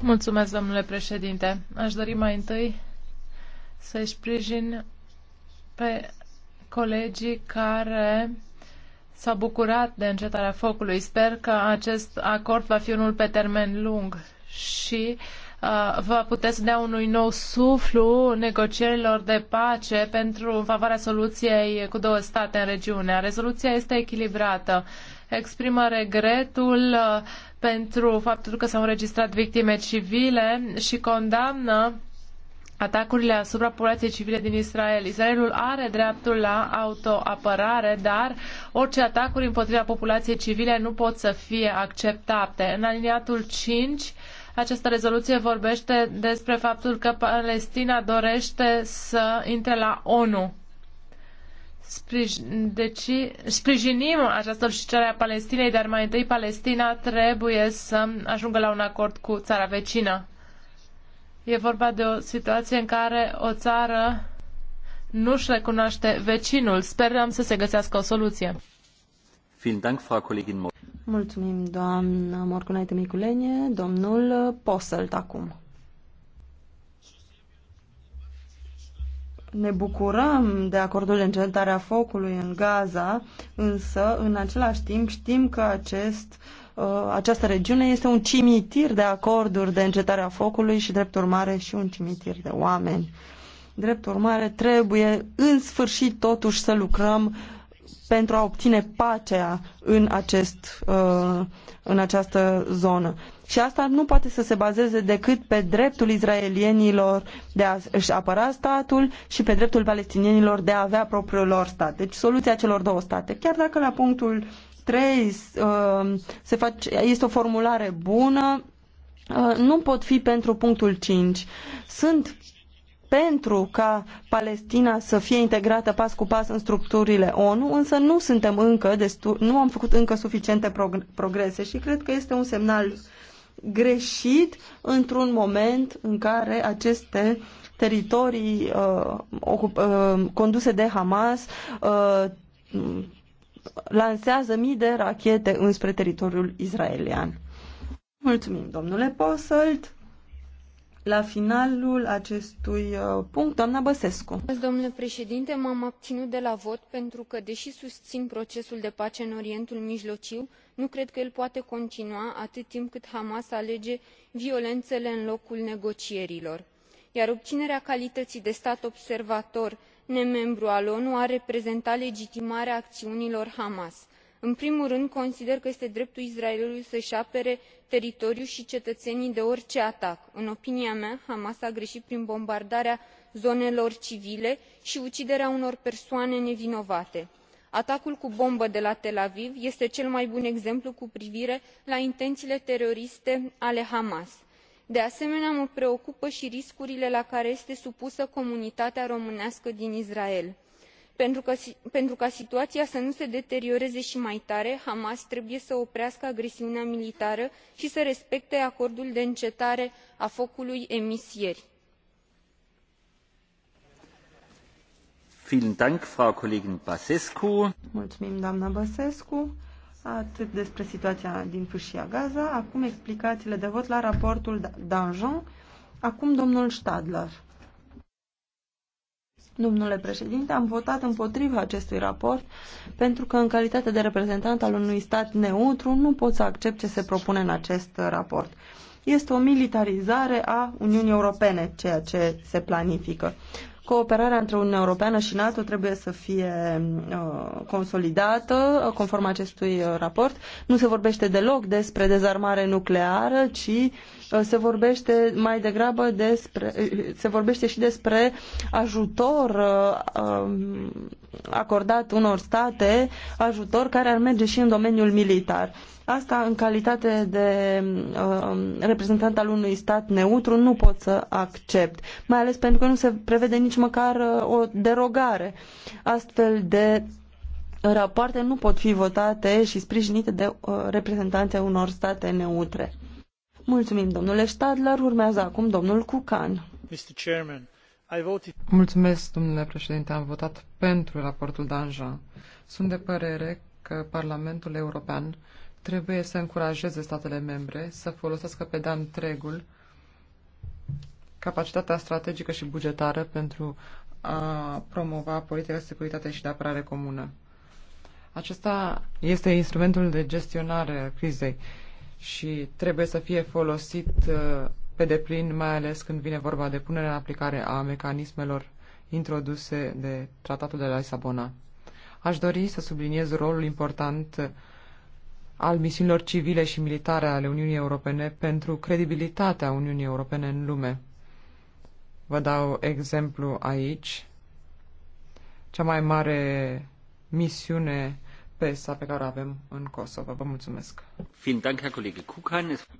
Mulțumesc, domnule președinte. Aș dori mai întâi să-i sprijin pe colegii care s-au bucurat de încetarea focului. Sper că acest acord va fi unul pe termen lung și uh, va puteți dea unui nou suflu negocierilor de pace pentru în favoarea soluției cu două state în regiune. Rezoluția este echilibrată. Exprimă regretul uh, pentru faptul că s-au înregistrat victime civile și condamnă atacurile asupra populației civile din Israel. Israelul are dreptul la autoapărare, dar orice atacuri împotriva populației civile nu pot să fie acceptate. În aliniatul 5, această rezoluție vorbește despre faptul că Palestina dorește să intre la ONU. Deci, sprijinim această solicitare a Palestinei, dar mai întâi Palestina trebuie să ajungă la un acord cu țara vecină. E vorba de o situație în care o țară nu-și recunoaște vecinul. Sperăm să se găsească o soluție. Mulțumim, doamna Morcunaite Miculenie. Domnul Poselt acum. Ne bucurăm de acordul de încetare a focului în Gaza, însă, în același timp, știm că acest uh, Uh, această regiune este un cimitir de acorduri de încetare a focului și, drept urmare, și un cimitir de oameni. Drept urmare, trebuie în sfârșit totuși să lucrăm pentru a obține pacea în, acest, uh, în această zonă. Și asta nu poate să se bazeze decât pe dreptul izraelienilor de a și apăra statul și pe dreptul palestinienilor de a avea propriul lor stat. Deci soluția celor două state, chiar dacă la punctul 3 uh, se face, este o formulare bună, uh, nu pot fi pentru punctul 5. Sunt pentru ca Palestina să fie integrată pas cu pas în structurile ONU, însă nu suntem încă destul, nu am făcut încă suficiente progrese și cred că este un semnal greșit într-un moment în care aceste teritorii uh, uh, conduse de Hamas uh, lansează mii de rachete înspre teritoriul israelian. Mulțumim, domnule Posălt. La finalul acestui uh, punct, doamna Băsescu. Domnule președinte, m-am abținut de la vot pentru că, deși susțin procesul de pace în Orientul Mijlociu, nu cred că el poate continua atât timp cât Hamas alege violențele în locul negocierilor iar obinerea calităii de stat observator nemembru al onu ar reprezenta legitimarea aciunilor hamas. în primul rând consider că este dreptul israelului să îi apere teritoriul i cetăenii de orice atac. în opinia mea hamas a greit prin bombardarea zonelor civile i uciderea unor persoane nevinovate. atacul cu bombă de la tel aviv este cel mai bun exemplu cu privire la inteniile teroriste ale hamas de asemenea mă preocupă i riscurile la care este supusă comunitatea românească din israel. pentru ca situaia să nu se deterioreze i mai tare hamas trebuie să oprească agresiunea militară i să respecte acordul de încetare a focului emis ieri. Mulțumim, Băsescu. Atât despre situația din Fâșia Gaza. Acum explicațiile de vot la raportul da- Danjon. Acum domnul Stadler. Domnule președinte, am votat împotriva acestui raport pentru că în calitate de reprezentant al unui stat neutru nu pot să accept ce se propune în acest raport. Este o militarizare a Uniunii Europene, ceea ce se planifică. Cooperarea între Uniunea Europeană și NATO trebuie să fie uh, consolidată uh, conform acestui uh, raport. Nu se vorbește deloc despre dezarmare nucleară, ci se vorbește mai degrabă despre, se vorbește și despre ajutor um, acordat unor state ajutor care ar merge și în domeniul militar. Asta, în calitate de uh, reprezentant al unui stat neutru, nu pot să accept, mai ales pentru că nu se prevede nici măcar uh, o derogare. Astfel de rapoarte nu pot fi votate și sprijinite de uh, reprezentanții unor state neutre. Mulțumim, domnule Stadler. Urmează acum domnul Cucan. Mr. Chairman. Mulțumesc, domnule președinte. Am votat pentru raportul Danjean. Sunt de părere că Parlamentul European trebuie să încurajeze statele membre să folosească pe de întregul capacitatea strategică și bugetară pentru a promova politica de securitate și de apărare comună. Acesta este instrumentul de gestionare a crizei și trebuie să fie folosit uh, pe deplin, mai ales când vine vorba de punerea în aplicare a mecanismelor introduse de Tratatul de la Lisabona. Aș dori să subliniez rolul important al misiunilor civile și militare ale Uniunii Europene pentru credibilitatea Uniunii Europene în lume. Vă dau exemplu aici. Cea mai mare misiune PESA pe care o avem în Kosovo. Vă mulțumesc.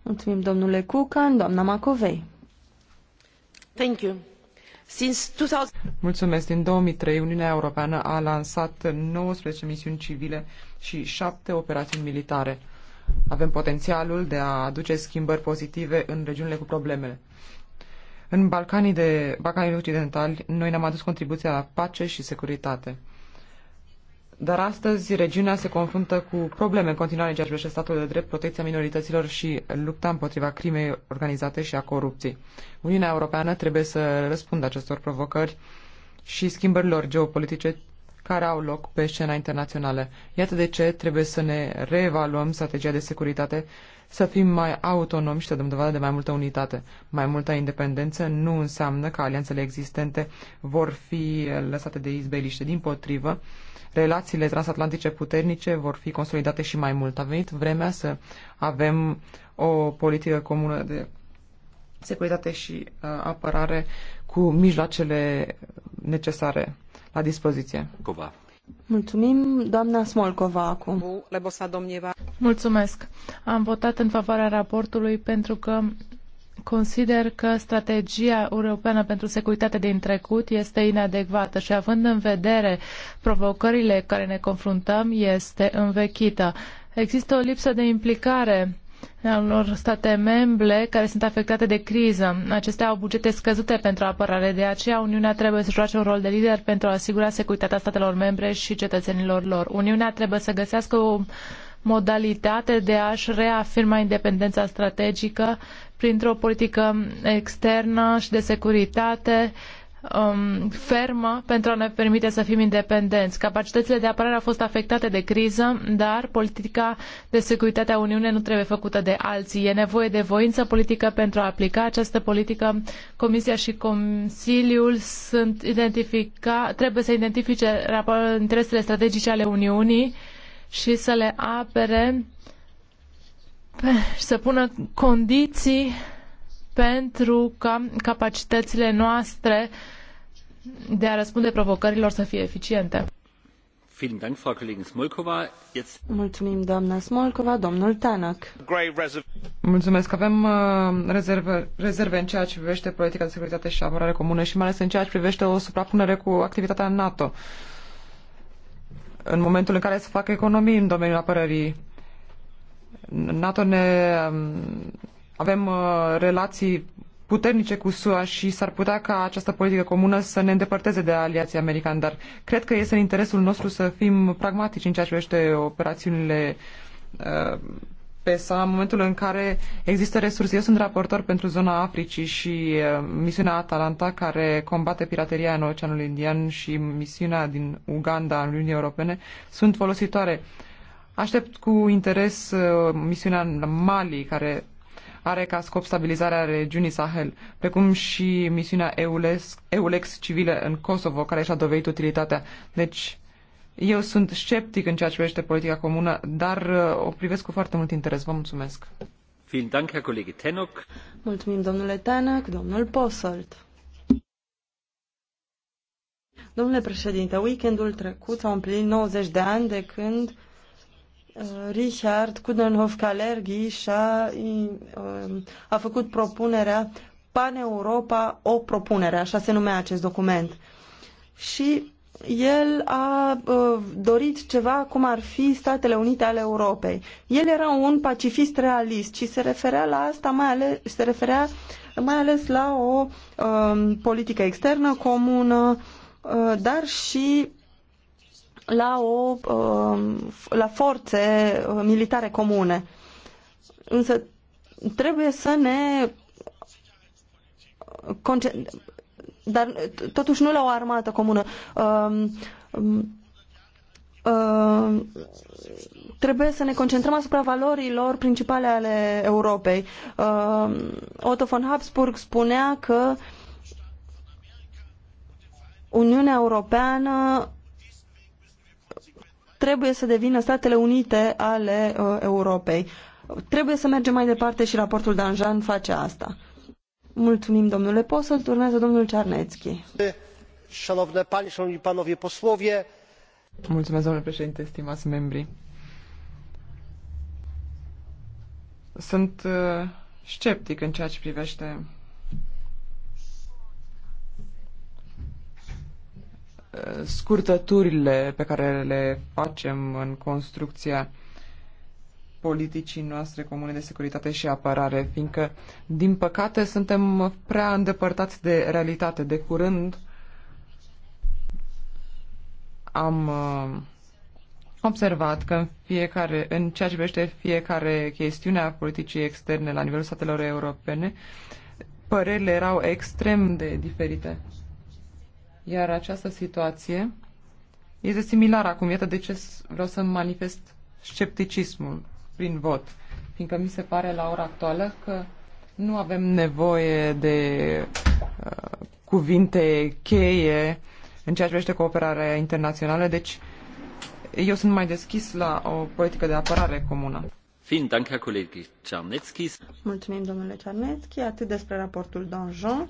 Mulțumim, domnule Kukan, doamna Macovei. Thank you. Since 2000... Mulțumesc. Din 2003, Uniunea Europeană a lansat 19 misiuni civile și 7 operațiuni militare. Avem potențialul de a aduce schimbări pozitive în regiunile cu problemele. În Balcanii, de, Balcanii Occidentali, noi ne-am adus contribuția la pace și securitate. Dar astăzi regiunea se confruntă cu probleme în continuare în ceea ce privește statul de drept, protecția minorităților și lupta împotriva crimei organizate și a corupției. Uniunea Europeană trebuie să răspundă acestor provocări și schimbărilor geopolitice care au loc pe scena internațională. Iată de ce trebuie să ne reevaluăm strategia de securitate, să fim mai autonomi și să dăm dovadă de mai multă unitate. Mai multă independență nu înseamnă că alianțele existente vor fi lăsate de izbeliște. Din potrivă, relațiile transatlantice puternice vor fi consolidate și mai mult. A venit vremea să avem o politică comună de securitate și uh, apărare cu mijloacele necesare la dispoziție. Cuba. Mulțumim, doamna Smolkova, acum. Mulțumesc. Am votat în favoarea raportului pentru că Consider că strategia europeană pentru securitate din trecut este inadecvată și având în vedere provocările care ne confruntăm, este învechită. Există o lipsă de implicare a unor state membre care sunt afectate de criză. Acestea au bugete scăzute pentru apărare, de aceea Uniunea trebuie să joace un rol de lider pentru a asigura securitatea statelor membre și cetățenilor lor. Uniunea trebuie să găsească o modalitate de a-și reafirma independența strategică printr-o politică externă și de securitate um, fermă pentru a ne permite să fim independenți. Capacitățile de apărare au fost afectate de criză, dar politica de securitate a Uniunii nu trebuie făcută de alții. E nevoie de voință politică pentru a aplica această politică. Comisia și Consiliul sunt identifica, trebuie să identifice interesele strategice ale Uniunii și să le apere să pună condiții pentru ca capacitățile noastre de a răspunde provocărilor să fie eficiente. Mulțumim, doamna Smolkova. Domnul Tanak. Mulțumesc. Avem uh, rezerve, rezerve în ceea ce privește politica de securitate și apărare comună și mai ales în ceea ce privește o suprapunere cu activitatea NATO. În momentul în care se fac economii în domeniul apărării NATO ne um, avem uh, relații puternice cu SUA și s-ar putea ca această politică comună să ne îndepărteze de aliații americani, dar cred că este în interesul nostru să fim pragmatici în ceea ce privește operațiunile uh, PESA în momentul în care există resurse. Eu sunt raportor pentru zona Africii și uh, misiunea Atalanta care combate pirateria în Oceanul Indian și misiunea din Uganda în Uniunea Europene sunt folositoare. Aștept cu interes uh, misiunea Mali, care are ca scop stabilizarea regiunii Sahel, precum și misiunea EULEX, EULEX civile în Kosovo, care și-a dovedit utilitatea. Deci, eu sunt sceptic în ceea ce privește politica comună, dar uh, o privesc cu foarte mult interes. Vă mulțumesc. Mulțumim, domnule Tenok, domnul Posolt. Domnule președinte, weekendul trecut s-au împlinit 90 de ani de când Richard Kudenhoff Kalergi și-a um, a făcut propunerea Pan-Europa o propunere, așa se numea acest document. Și el a uh, dorit ceva cum ar fi Statele Unite ale Europei. El era un pacifist realist și se referea la asta mai ales, se referea mai ales la o um, politică externă comună, uh, dar și la, o, um, la forțe uh, militare comune. Însă trebuie să ne dar totuși nu la o armată comună. Uh, uh, trebuie să ne concentrăm asupra valorilor principale ale Europei. Uh, Otto von Habsburg spunea că Uniunea Europeană trebuie să devină Statele Unite ale uh, Europei. Trebuie să mergem mai departe și raportul Danjan face asta. Mulțumim, domnule Posăl. Turnează domnul Czarnecki. Șanovne pani, șanovni panowie poslovie. Mulțumesc, domnule președinte, stimați membri. Sunt uh, sceptic în ceea ce privește scurtăturile pe care le facem în construcția politicii noastre comune de securitate și apărare, fiindcă, din păcate, suntem prea îndepărtați de realitate. De curând am uh, observat că în, fiecare, în ceea ce privește fiecare chestiune a politicii externe la nivelul statelor europene, părerile erau extrem de diferite. Iar această situație este similară acum. Iată de ce vreau să manifest scepticismul prin vot. Fiindcă mi se pare la ora actuală că nu avem nevoie de uh, cuvinte cheie în ceea ce privește cooperarea internațională. Deci eu sunt mai deschis la o politică de apărare comună. Mulțumim, domnule Czarnecki. Atât despre raportul Donjon.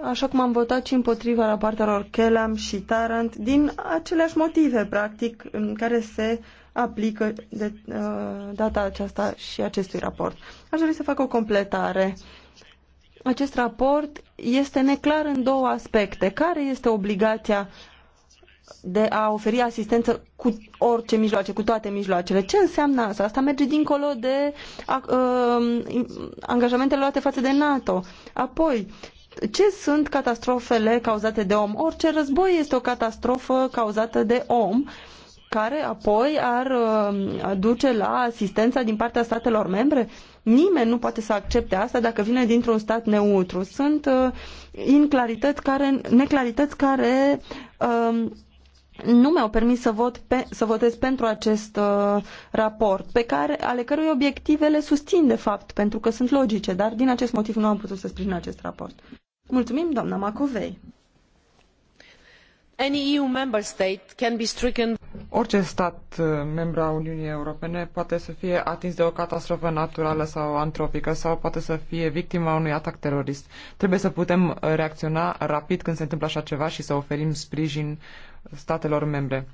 așa cum am votat și împotriva rapoartelor Kellam și Tarant, din aceleași motive, practic, în care se aplică de uh, data aceasta și acestui raport. Aș dori să fac o completare. Acest raport este neclar în două aspecte. Care este obligația de a oferi asistență cu orice mijloace, cu toate mijloacele. Ce înseamnă asta? Asta merge dincolo de a, uh, a, angajamentele luate față de NATO. Apoi, ce sunt catastrofele cauzate de om? Orice război este o catastrofă cauzată de om care apoi ar uh, duce la asistența din partea statelor membre? Nimeni nu poate să accepte asta dacă vine dintr-un stat neutru. Sunt uh, inclarități care, neclarități care uh, nu mi-au permis să, vot pe, să votez pentru acest uh, raport, pe care, ale cărui obiective le susțin de fapt, pentru că sunt logice, dar din acest motiv nu am putut să sprijin acest raport. Mulțumim, doamna Macovei. Any EU member state can be stricken... Orice stat uh, membru a Uniunii Europene poate să fie atins de o catastrofă naturală sau antropică sau poate să fie victima unui atac terorist. Trebuie să putem uh, reacționa rapid când se întâmplă așa ceva și să oferim sprijin statelor membre.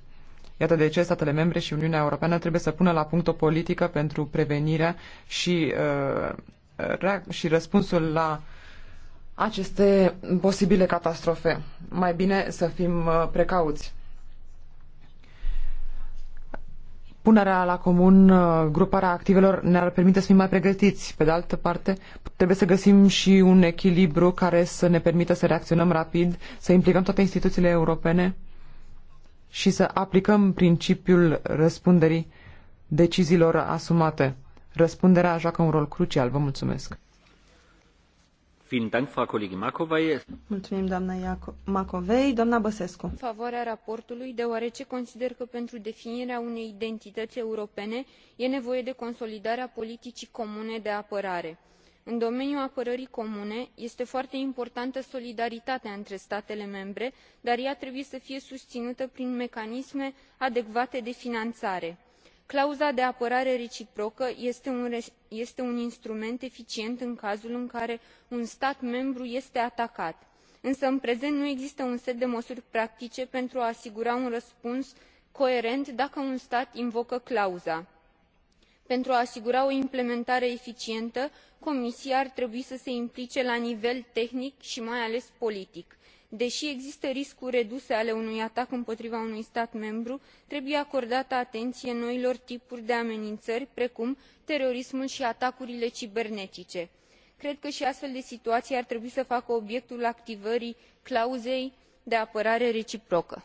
Iată de ce statele membre și Uniunea Europeană trebuie să pună la punct o politică pentru prevenirea și, uh, și răspunsul la aceste posibile catastrofe. Mai bine să fim uh, precauți. Punerea la comun, uh, gruparea activelor ne-ar permite să fim mai pregătiți. Pe de altă parte, trebuie să găsim și un echilibru care să ne permită să reacționăm rapid, să implicăm toate instituțiile europene și să aplicăm principiul răspunderii deciziilor asumate. Răspunderea joacă un rol crucial. Vă mulțumesc. Mulțumim, doamna Iaco Macovei. Doamna Băsescu. În favoarea raportului, deoarece consider că pentru definirea unei identități europene e nevoie de consolidarea politicii comune de apărare în domeniul apărării comune este foarte importantă solidaritatea între statele membre dar ea trebuie să fie susinută prin mecanisme adecvate de finanare. clauza de apărare reciprocă este un instrument eficient în cazul în care un stat membru este atacat însă în prezent nu există un set de măsuri practice pentru a asigura un răspuns coerent dacă un stat invocă clauza pentru a asigura o implementare eficientă comisia ar trebui să se implice la nivel tehnic i mai ales politic. dei există riscuri reduse ale unui atac împotriva unui stat membru trebuie acordată atenie noilor tipuri de ameninări precum terorismul i atacurile cibernetice. cred că i astfel de situaii ar trebui să facă obiectul activării clauzei de apărare reciprocă.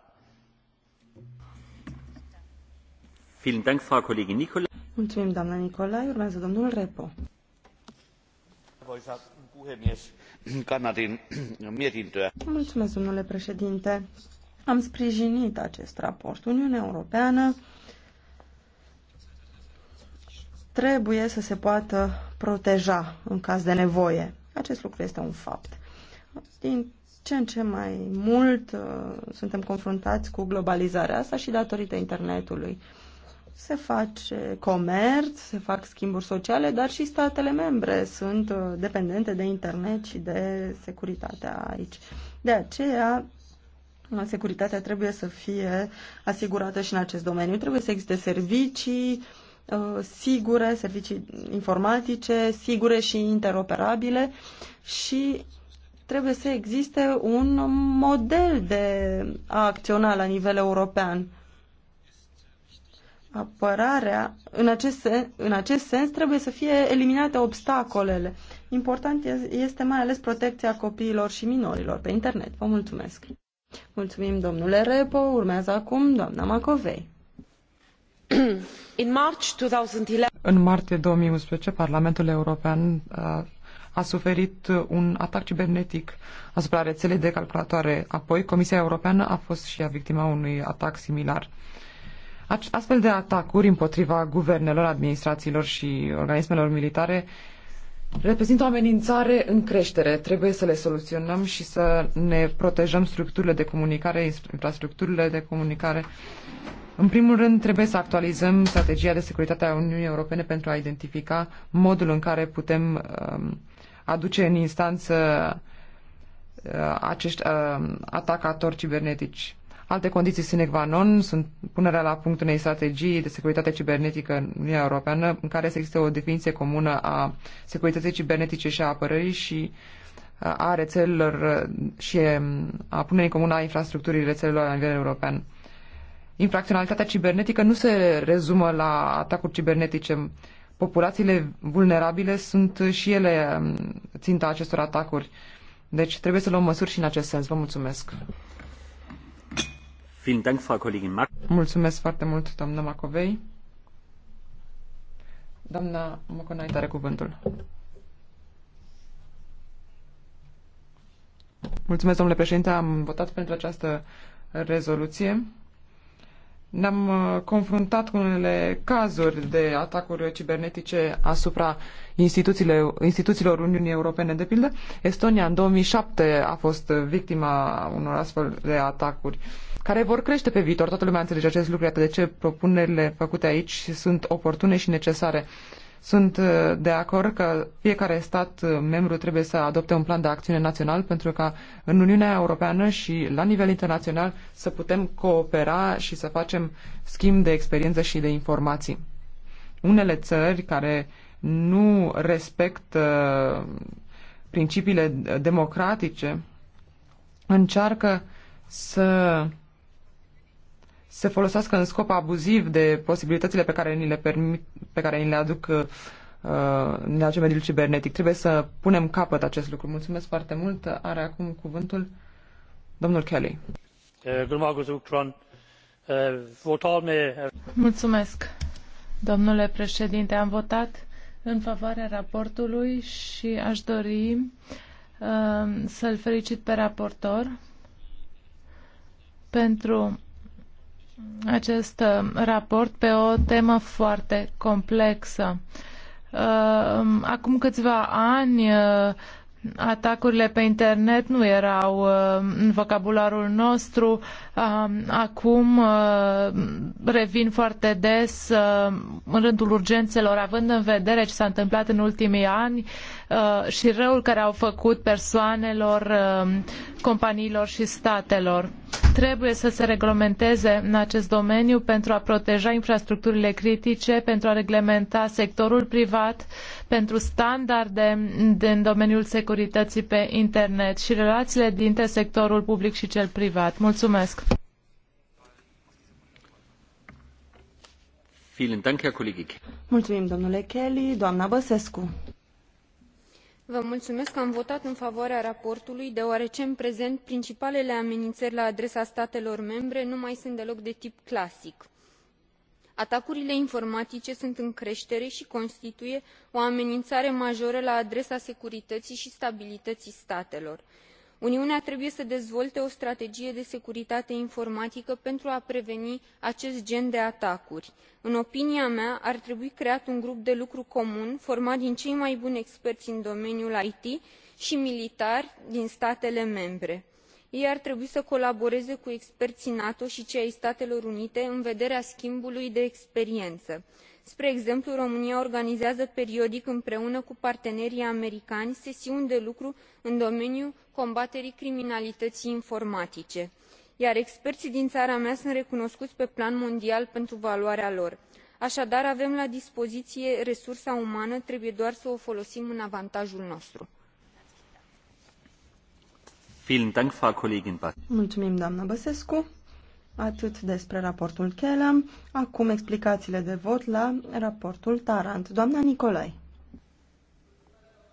Mulțumim, doamna Nicolae, Urmează domnul Repo. Arvoisa puhemies, kannatin mietintöä. Mulțumesc, domnule președinte. Am sprijinit acest raport. Uniunea Europeană trebuie să se poată proteja în caz de nevoie. Acest lucru este un fapt. Din ce în ce mai mult uh, suntem confruntați cu globalizarea asta și datorită internetului. Uh, se face comerț, se fac schimburi sociale, dar și statele membre sunt uh, dependente de internet și de securitatea aici. De aceea, securitatea trebuie să fie asigurată și în acest domeniu. Trebuie să existe servicii uh, sigure, servicii informatice, sigure și interoperabile și trebuie să existe un model de a acționa la nivel european Apărarea, în acest, sen, în acest sens, trebuie să fie eliminate obstacolele. Important este mai ales protecția copiilor și minorilor pe internet. Vă mulțumesc! Mulțumim, domnule Repo. Urmează acum doamna Macovei. In March 2011... În martie 2011, Parlamentul European a, uh, a suferit un atac cibernetic asupra rețelei de calculatoare. Apoi, Comisia Europeană a fost și a victima unui atac similar. Astfel de atacuri împotriva guvernelor, administrațiilor și organismelor militare reprezintă o amenințare în creștere. Trebuie să le soluționăm și să ne protejăm structurile de comunicare, infrastructurile de comunicare. În primul rând, trebuie să actualizăm strategia de securitate a Uniunii Europene pentru a identifica modul în care putem um, aduce în instanță uh, acești uh, atacatori cibernetici. Alte condiții sine qua non sunt punerea la punct unei strategii de securitate cibernetică în Uniunea Europeană, în care să existe o definiție comună a securității cibernetice și a apărării și uh, a rețelelor uh, și um, a punerii comună a infrastructurii rețelelor la nivel european. Infracționalitatea cibernetică nu se rezumă la atacuri cibernetice. Populațiile vulnerabile sunt și ele um, ținta acestor atacuri. Deci trebuie să luăm măsuri și în acest sens. Vă mulțumesc. Mulțumesc foarte mult, doamna Macovei. Doamna Moconaite are cuvântul. Mulțumesc, domnule președinte. Am votat pentru această rezoluție. Ne-am uh, confruntat cu unele cazuri de atacuri cibernetice asupra instituțiilor, instituțiilor Uniunii Europene. De pildă, Estonia în 2007 a fost victima unor astfel de atacuri. Uh, care vor crește pe viitor. Toată lumea înțelege acest lucru, iată de ce propunerile făcute aici sunt oportune și necesare. Sunt uh, de acord că fiecare stat uh, membru trebuie să adopte un plan de acțiune național pentru ca în Uniunea Europeană și la nivel internațional să putem coopera și să facem schimb de experiență și de informații. Unele țări care nu respectă uh, principiile democratice încearcă să se folosească în scop abuziv de posibilitățile pe care ni le, permit, pe care ni le aduc uh, în aduce mediul cibernetic. Trebuie să punem capăt acest lucru. Mulțumesc foarte mult. Are acum cuvântul domnul Kelly. Mulțumesc, domnule președinte. Am votat în favoarea raportului și aș dori uh, să-l felicit pe raportor pentru acest uh, raport pe o temă foarte complexă. Uh, acum câțiva ani, uh, atacurile pe internet nu erau în vocabularul nostru. Acum revin foarte des în rândul urgențelor, având în vedere ce s-a întâmplat în ultimii ani și răul care au făcut persoanelor, companiilor și statelor trebuie să se reglementeze în acest domeniu pentru a proteja infrastructurile critice, pentru a reglementa sectorul privat, pentru standarde în domeniul securității pe internet și relațiile dintre sectorul public și cel privat. Mulțumesc! Mulțumim, domnule Kelly. Doamna Băsescu am votat în favoarea raportului deoarece în prezent principalele ameninări la adresa statelor membre nu mai sunt deloc de tip clasic. atacurile informatice sunt în cretere i constituie o ameninare majoră la adresa securităii i stabilităii statelor membre uniunea trebuie să dezvolte o strategie de securitate informatică pentru a preveni acest gen de atacuri. în opinia mea ar trebui creat un grup de lucru comun format din cei mai buni experi în domeniul it i militari din statele membre. ei ar trebui să colaboreze cu experii nato i cei ai statelor unite în vederea schimbului de experienă spre exemplu românia organizează periodic împreună cu partenerii americani sesiuni de lucru în domeniul combaterii criminalităii informatice iar experii din ara mea sunt recunoscui pe plan mondial pentru valoarea lor. aadar avem la dispoziie resursa umană trebuie doar să o folosim în avantajul nostru. Mulțumim, Atât despre raportul Kellam, acum explicațiile de vot la raportul Tarant. Doamna Nicolai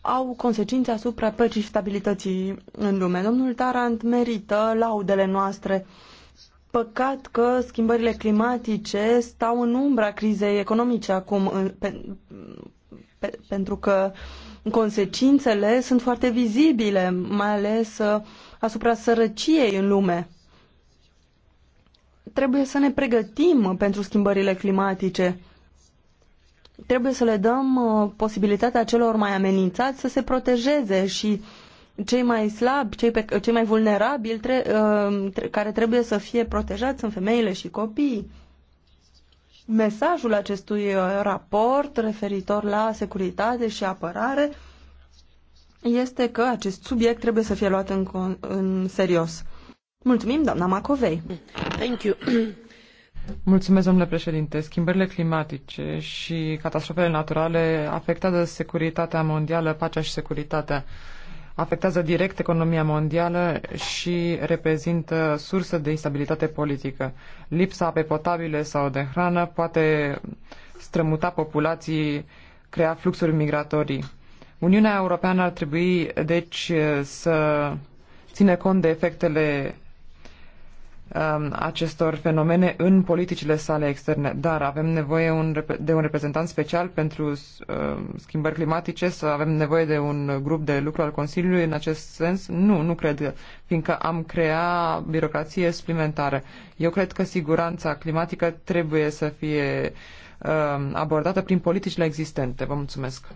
au consecințe asupra păcii și stabilității în lume. Domnul Tarant merită laudele noastre. Păcat că schimbările climatice stau în umbra crizei economice acum, în, pe, pe, pentru că consecințele sunt foarte vizibile, mai ales uh, asupra sărăciei în lume. Trebuie să ne pregătim pentru schimbările climatice trebuie să le dăm uh, posibilitatea celor mai amenințați să se protejeze și cei mai slabi, cei, pe, cei mai vulnerabili tre, uh, tre, care trebuie să fie protejați sunt femeile și copiii. Mesajul acestui uh, raport referitor la securitate și apărare este că acest subiect trebuie să fie luat în, în serios. Mulțumim, doamna Macovei. Thank you. Mulțumesc, domnule președinte. Schimbările climatice și catastrofele naturale afectează securitatea mondială, pacea și securitatea. Afectează direct economia mondială și reprezintă sursă de instabilitate politică. Lipsa apei potabile sau de hrană poate strămuta populații, crea fluxuri migratorii. Uniunea Europeană ar trebui, deci, să ține cont de efectele Um, acestor fenomene în politicile sale externe. Dar avem nevoie un, de un reprezentant special pentru um, schimbări climatice, să avem nevoie de un grup de lucru al Consiliului în acest sens? Nu, nu cred, fiindcă am crea birocrație suplimentară. Eu cred că siguranța climatică trebuie să fie um, abordată prin politicile existente. Vă mulțumesc.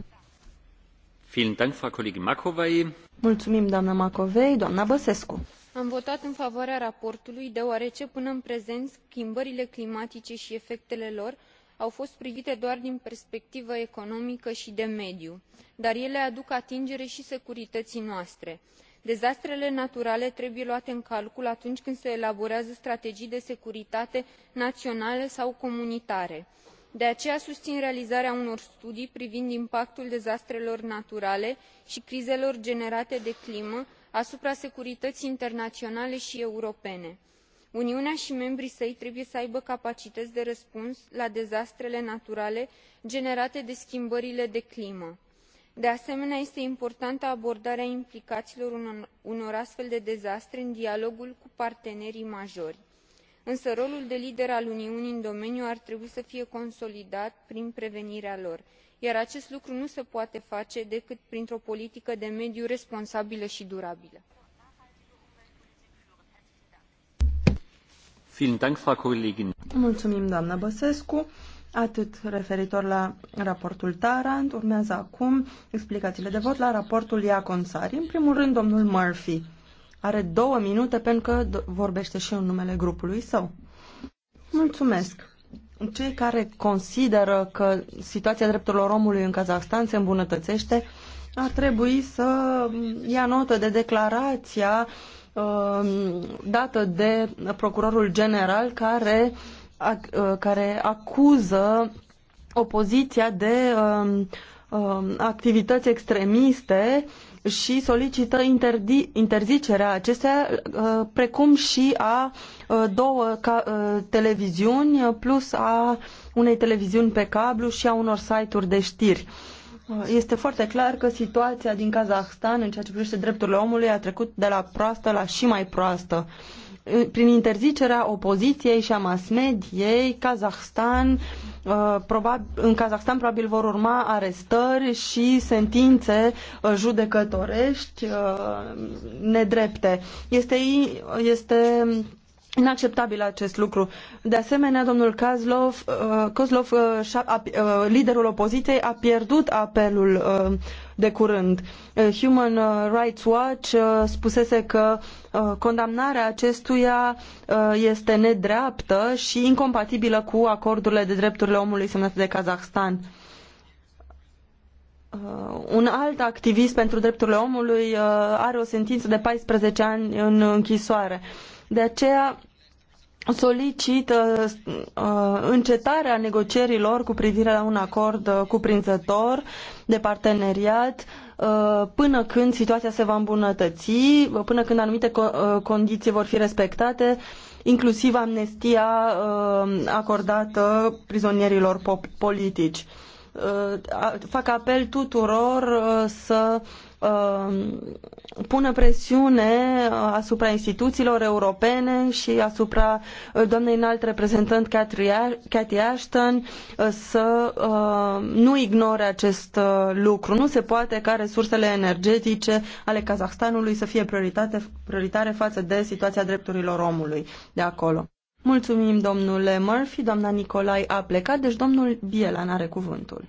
Mulțumim, doamna Macovei, doamna Băsescu am votat în favoarea raportului deoarece până în prezent schimbările climatice i efectele lor au fost privite doar din perspectivă economică i de mediu dar ele aduc atingere i securităii noastre. dezastrele naturale trebuie luate în calcul atunci când se elaborează strategii de securitate naionale sau comunitare. de aceea susin realizarea unor studii privind impactul dezastrelor naturale i crizelor generate de climă asupra securităii internaionale i europene. uniunea i membrii săi trebuie să aibă capacităi de răspuns la dezastrele naturale generate de schimbările de climă. de asemenea este importantă abordarea implicailor unor astfel de dezastre în dialogul cu partenerii majori însă rolul de lider al uniunii în domeniu ar trebui să fie consolidat prin prevenirea lor iar acest lucru nu se poate face decât printr o politică de mediu responsabilă i durabilă. Mulțumim, doamnă Băsescu. Atât referitor la raportul Tarand. Urmează acum explicațiile de vot la raportul Iaconsari. În primul rând, domnul Murphy are două minute pentru că vorbește și în numele grupului său. Mulțumesc! cei care consideră că situația drepturilor omului în Kazahstan se îmbunătățește ar trebui să ia notă de declarația um, dată de procurorul general care, uh, care acuză opoziția de um, um, activități extremiste și solicită interzicerea acestea, uh, precum și a uh, două uh, televiziuni, plus a unei televiziuni pe cablu și a unor site-uri de știri. Este foarte clar că situația din Kazahstan în ceea ce privește drepturile omului a trecut de la proastă la și mai proastă. Uh, prin interzicerea opoziției și a mass mediei, Kazahstan, uh, probabil, în Kazahstan probabil vor urma arestări și sentințe uh, judecătorești uh, nedrepte. Este, este Inacceptabil acest lucru. De asemenea, domnul Kozlov, uh, Kozlov uh, uh, liderul opoziției, a pierdut apelul de curând. Human Rights Watch spusese că condamnarea acestuia este nedreaptă și incompatibilă cu acordurile de drepturile omului semnate de Kazahstan. Un alt activist pentru drepturile omului are o sentință de 14 ani în închisoare de aceea solicit uh, uh, încetarea negocierilor cu privire la un acord uh, cuprinzător de parteneriat uh, până când situația se va îmbunătăți, uh, până când anumite uh, condiții vor fi respectate, inclusiv amnestia acordată prizonierilor politici. Fac apel tuturor să pună presiune uh, asupra instituțiilor europene și asupra uh, doamnei înalt reprezentant Cathy Ashton uh, să nu ignore acest lucru. Nu se poate ca resursele energetice ale Kazahstanului să fie prioritate, prioritare față de situația drepturilor omului de acolo. Mulțumim, domnule Murphy. Doamna Nicolai a plecat, deci domnul Bielan are cuvântul.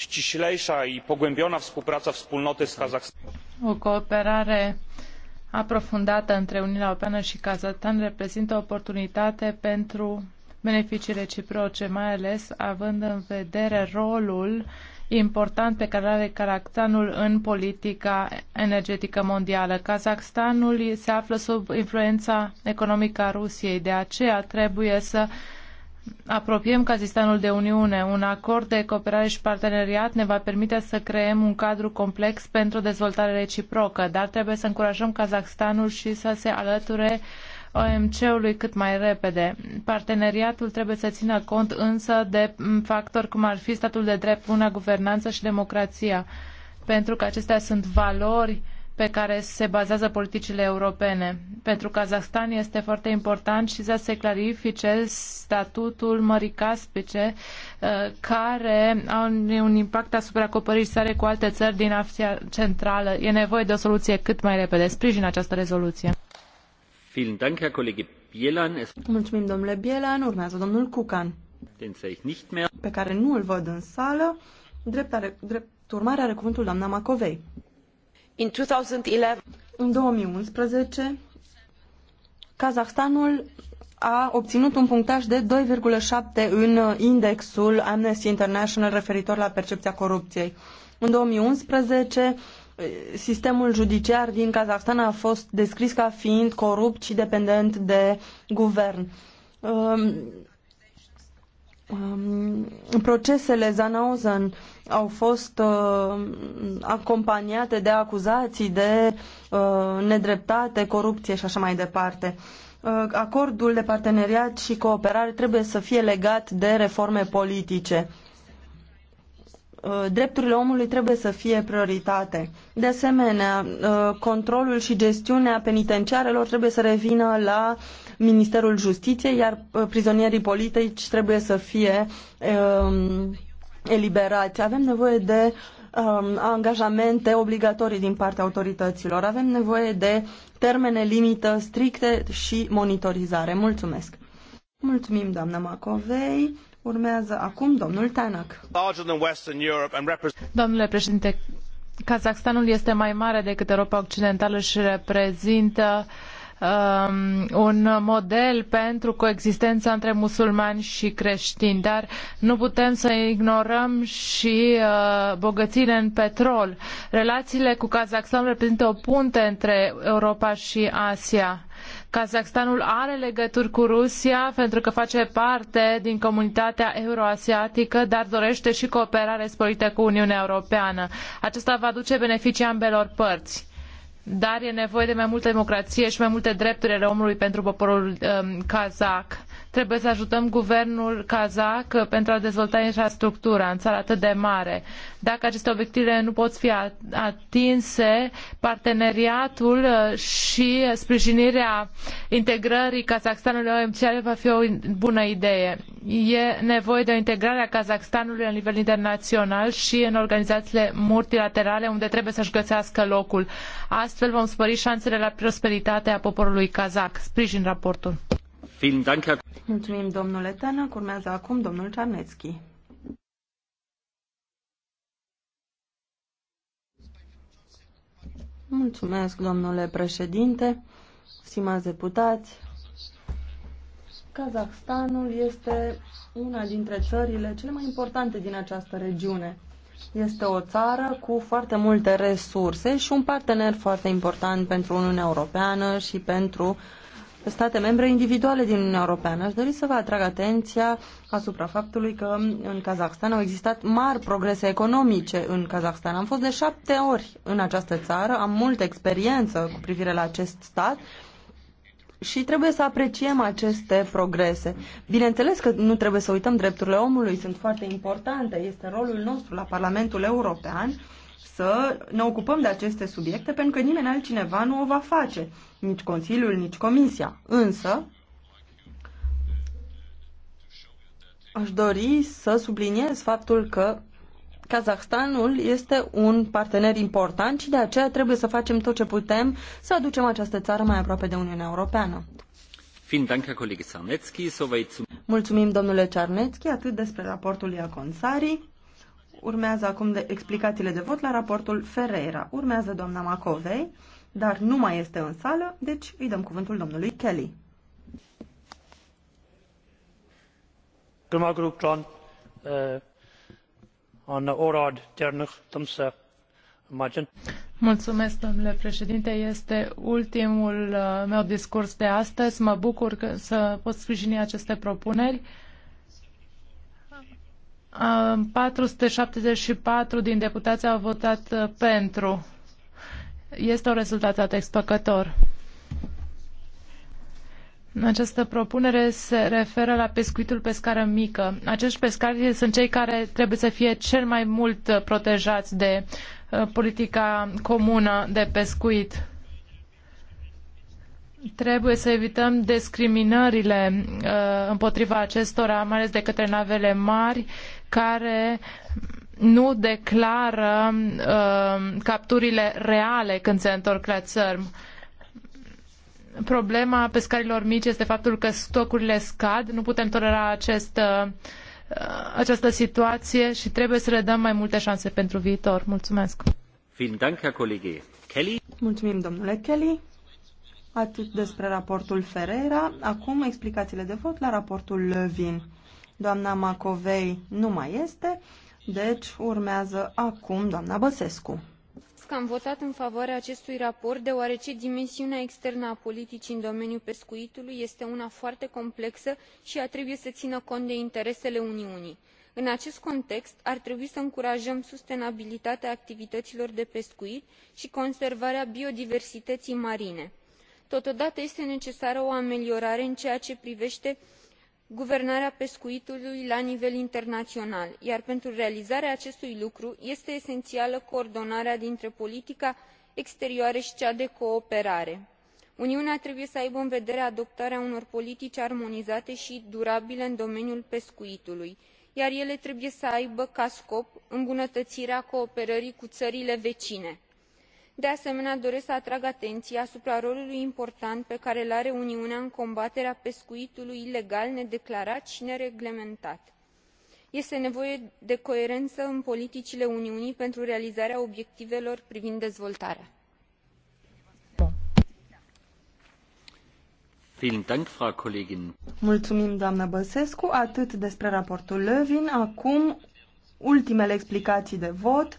ściślejsza i pogłębiona współpraca wspólnoty z kazachstanem. o cooperare aprofundată între uniunea europeană și kazahstan reprezintă oportunitate pentru beneficii reciproce mai ales având în vedere rolul important pe care are Kazahstanul în politica energetică mondială. Kazahstanul se află sub influența economică a Rusiei, de aceea trebuie să apropiem Kazahstanul de Uniune. Un acord de cooperare și parteneriat ne va permite să creăm un cadru complex pentru o dezvoltare reciprocă, dar trebuie să încurajăm Kazahstanul și să se alăture OMC-ului cât mai repede. Parteneriatul trebuie să țină cont însă de factori cum ar fi statul de drept, bună guvernanță și democrația, pentru că acestea sunt valori uh, pe care se bazează politicile europene. Pentru Kazahstan este foarte important și să se clarifice statutul Mării Caspice, uh, care are un impact asupra acoperirii sale cu alte țări din Asia Centrală. E nevoie de o soluție cât mai repede. Sprijin această rezoluție. Mulțumim, domnule Bielan. Urmează domnul Cucan, pe care nu îl văd în sală. Drept, are, drept urmare are cuvântul doamna Macovei în două În 2011, Kazahstanul a obținut un punctaj de 2,7 în uh, indexul Amnesty International referitor la percepția corupției. În 2011, uh, sistemul judiciar din Kazahstan a fost descris ca fiind corupt i dependent de guvern. Um, Um, procesele Zanauzen au fost uh, acompaniate de acuzații de uh, nedreptate, corupție și așa mai departe. Uh, acordul de parteneriat și cooperare trebuie să fie legat de reforme politice Uh, drepturile omului trebuie să fie prioritate. De asemenea, uh, controlul și gestiunea penitenciarelor trebuie să revină la Ministerul Justiției, iar uh, prizonierii politici trebuie să fie um, eliberați. Avem nevoie de um, angajamente obligatorii din partea autorităților. Avem nevoie de termene limită stricte și monitorizare. Mulțumesc! Mulțumim, doamna Macovei. Urmează acum domnul Tanak. Domnule președinte, Kazakhstanul este mai mare decât Europa Occidentală și reprezintă um, un model pentru coexistența între musulmani și creștini, dar nu putem să ignorăm și uh, bogățile în petrol. Relațiile cu Kazakhstanul reprezintă o punte între Europa și Asia Kazakhstanul are legături cu Rusia pentru că face parte din comunitatea euroasiatică, dar dorește și cooperare sporită cu Uniunea Europeană. Acesta va aduce beneficii ambelor părți. Dar e nevoie de mai multă democrație și mai multe drepturi ale omului pentru poporul um, Trebuie să ajutăm guvernul kazak pentru a dezvolta infrastructura în țara atât de mare. Dacă aceste obiective nu pot fi atinse, parteneriatul uh, și sprijinirea integrării Kazakhstanului OMC va fi o bună idee. E nevoie de o integrare a Kazakhstanului la nivel internațional și în organizațiile multilaterale unde trebuie să-și găsească locul. Astfel vom spări șansele la prosperitate poporului kazak. Sprijin raportul. Mulțumim, domnule Tână. Urmează acum domnul Cernețchi. Mulțumesc, domnule președinte, stimați deputați. Kazahstanul este una dintre țările cele mai importante din această regiune. Este o țară cu foarte multe resurse și un partener foarte important pentru Uniunea Europeană și pentru uh, state membre individuale din Uniunea Europeană. Aș dori să vă atrag atenția asupra faptului că în Kazahstan au existat mari progrese economice în Kazahstan. Am fost de șapte ori în această țară, am multă experiență cu privire la acest stat și trebuie să apreciem aceste progrese. Bineînțeles că nu trebuie să uităm drepturile omului, sunt foarte importante, este rolul nostru la Parlamentul European să ne ocupăm de aceste subiecte pentru că nimeni altcineva nu o va face, nici Consiliul, nici Comisia. Însă, aș dori să subliniez faptul că Kazahstanul este un partener important și de aceea trebuie să facem tot ce putem să aducem această țară mai aproape de Uniunea Europeană. Mulțumim, domnule Czarnecki, atât despre raportul Iaconsari. Urmează acum de explicațiile de vot la raportul Ferreira. Urmează doamna Macovei, dar nu mai este în sală, deci îi dăm cuvântul domnului Kelly. Eh, Mulțumesc, domnule președinte. Este ultimul eh, meu discurs de astăzi. Mă bucur că să pot sprijini aceste propuneri. 474 din deputați au votat uh, pentru. Este un rezultat satisfăcător. Această propunere se referă la pescuitul pescară mică. Acești pescari sunt cei care trebuie să fie cel mai mult uh, protejați de uh, politica comună de pescuit. Trebuie să evităm discriminările împotriva acestora, mai ales de către navele mari, care nu declară uh, capturile reale când se întorc la țărm. Problema pescarilor mici este faptul că stocurile scad, nu putem tolera acest, uh, această situație și trebuie să le dăm mai multe șanse pentru viitor. Mulțumesc! Mulțumim, domnule Kelly. Atât despre raportul Ferreira. Acum explicațiile de vot la raportul Vin. Doamna Macovei nu mai este, deci urmează acum doamna Băsescu că am votat în favoarea acestui raport deoarece dimensiunea externă a politicii în domeniul pescuitului este una foarte complexă și ea trebuie să țină cont de interesele uniunii. în acest context ar trebui să încurajăm sustenabilitatea activităților de pescuit și conservarea biodiversității marine. totodată este necesară o ameliorare în ceea ce privește guvernarea pescuitului la nivel internaional iar pentru realizarea acestui lucru este esenială coordonarea dintre politica exterioară i cea de cooperare. uniunea trebuie să aibă în vedere adoptarea unor politici armonizate i durabile în domeniul pescuitului iar ele trebuie să aibă ca scop îmbunătăirea cooperării cu ările vecine de asemenea doresc să atrag atenia asupra rolului important pe care îl are uniunea în combaterea pescuitului ilegal nedeclarat i nereglementat. este nevoie de coerenă în politicile uniunii pentru realizarea obiectivelor privind dezvoltarea. Mulțumim, doamnă Băsescu. Atât despre raportul Lövin. Acum, ultimele explicații de vot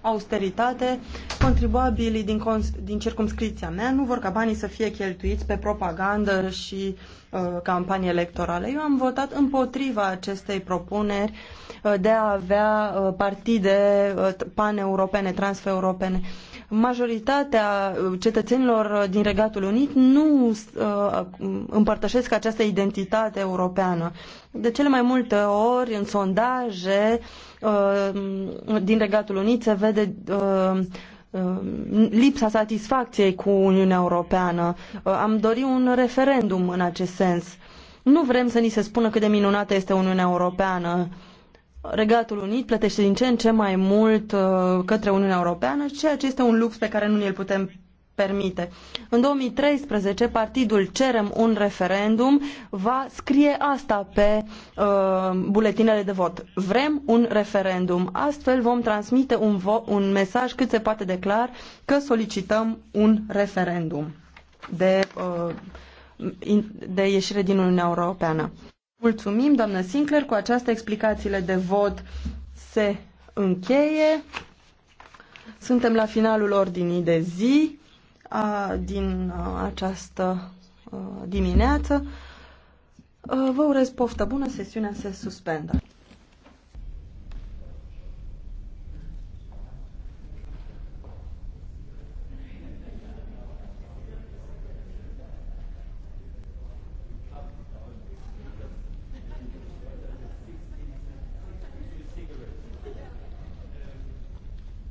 austeritate, contribuabilii din, cons- din circumscripția mea nu vor ca banii să fie cheltuiți pe propagandă și uh, campanii electorale. Eu am votat împotriva acestei propuneri uh, de a avea uh, partide uh, paneuropene, transfeuropene. Uh, majoritatea cetățenilor din Regatul Unit nu uh, împărtășesc această identitate europeană. De cele mai multe ori, în sondaje uh, din Regatul Unit se vede uh, lipsa satisfacției cu Uniunea Europeană. Am dori un referendum în acest sens. Nu vrem să ni se spună cât de minunată este Uniunea Europeană Regatul Unit plătește din ce în ce mai mult uh, către Uniunea Europeană, ceea ce este un lux pe care nu îl putem permite. În 2013, partidul Cerem un referendum va scrie asta pe uh, buletinele de vot. Vrem un referendum. Astfel vom transmite un, un mesaj cât se poate de clar că solicităm un referendum de, uh, de ieșire din Uniunea Europeană. Mulțumim, doamnă Sinclair. Cu această explicațiile de vot se încheie. Suntem la finalul ordinii de zi a, din a, această a, dimineață. A, vă urez poftă bună, sesiunea se suspendă.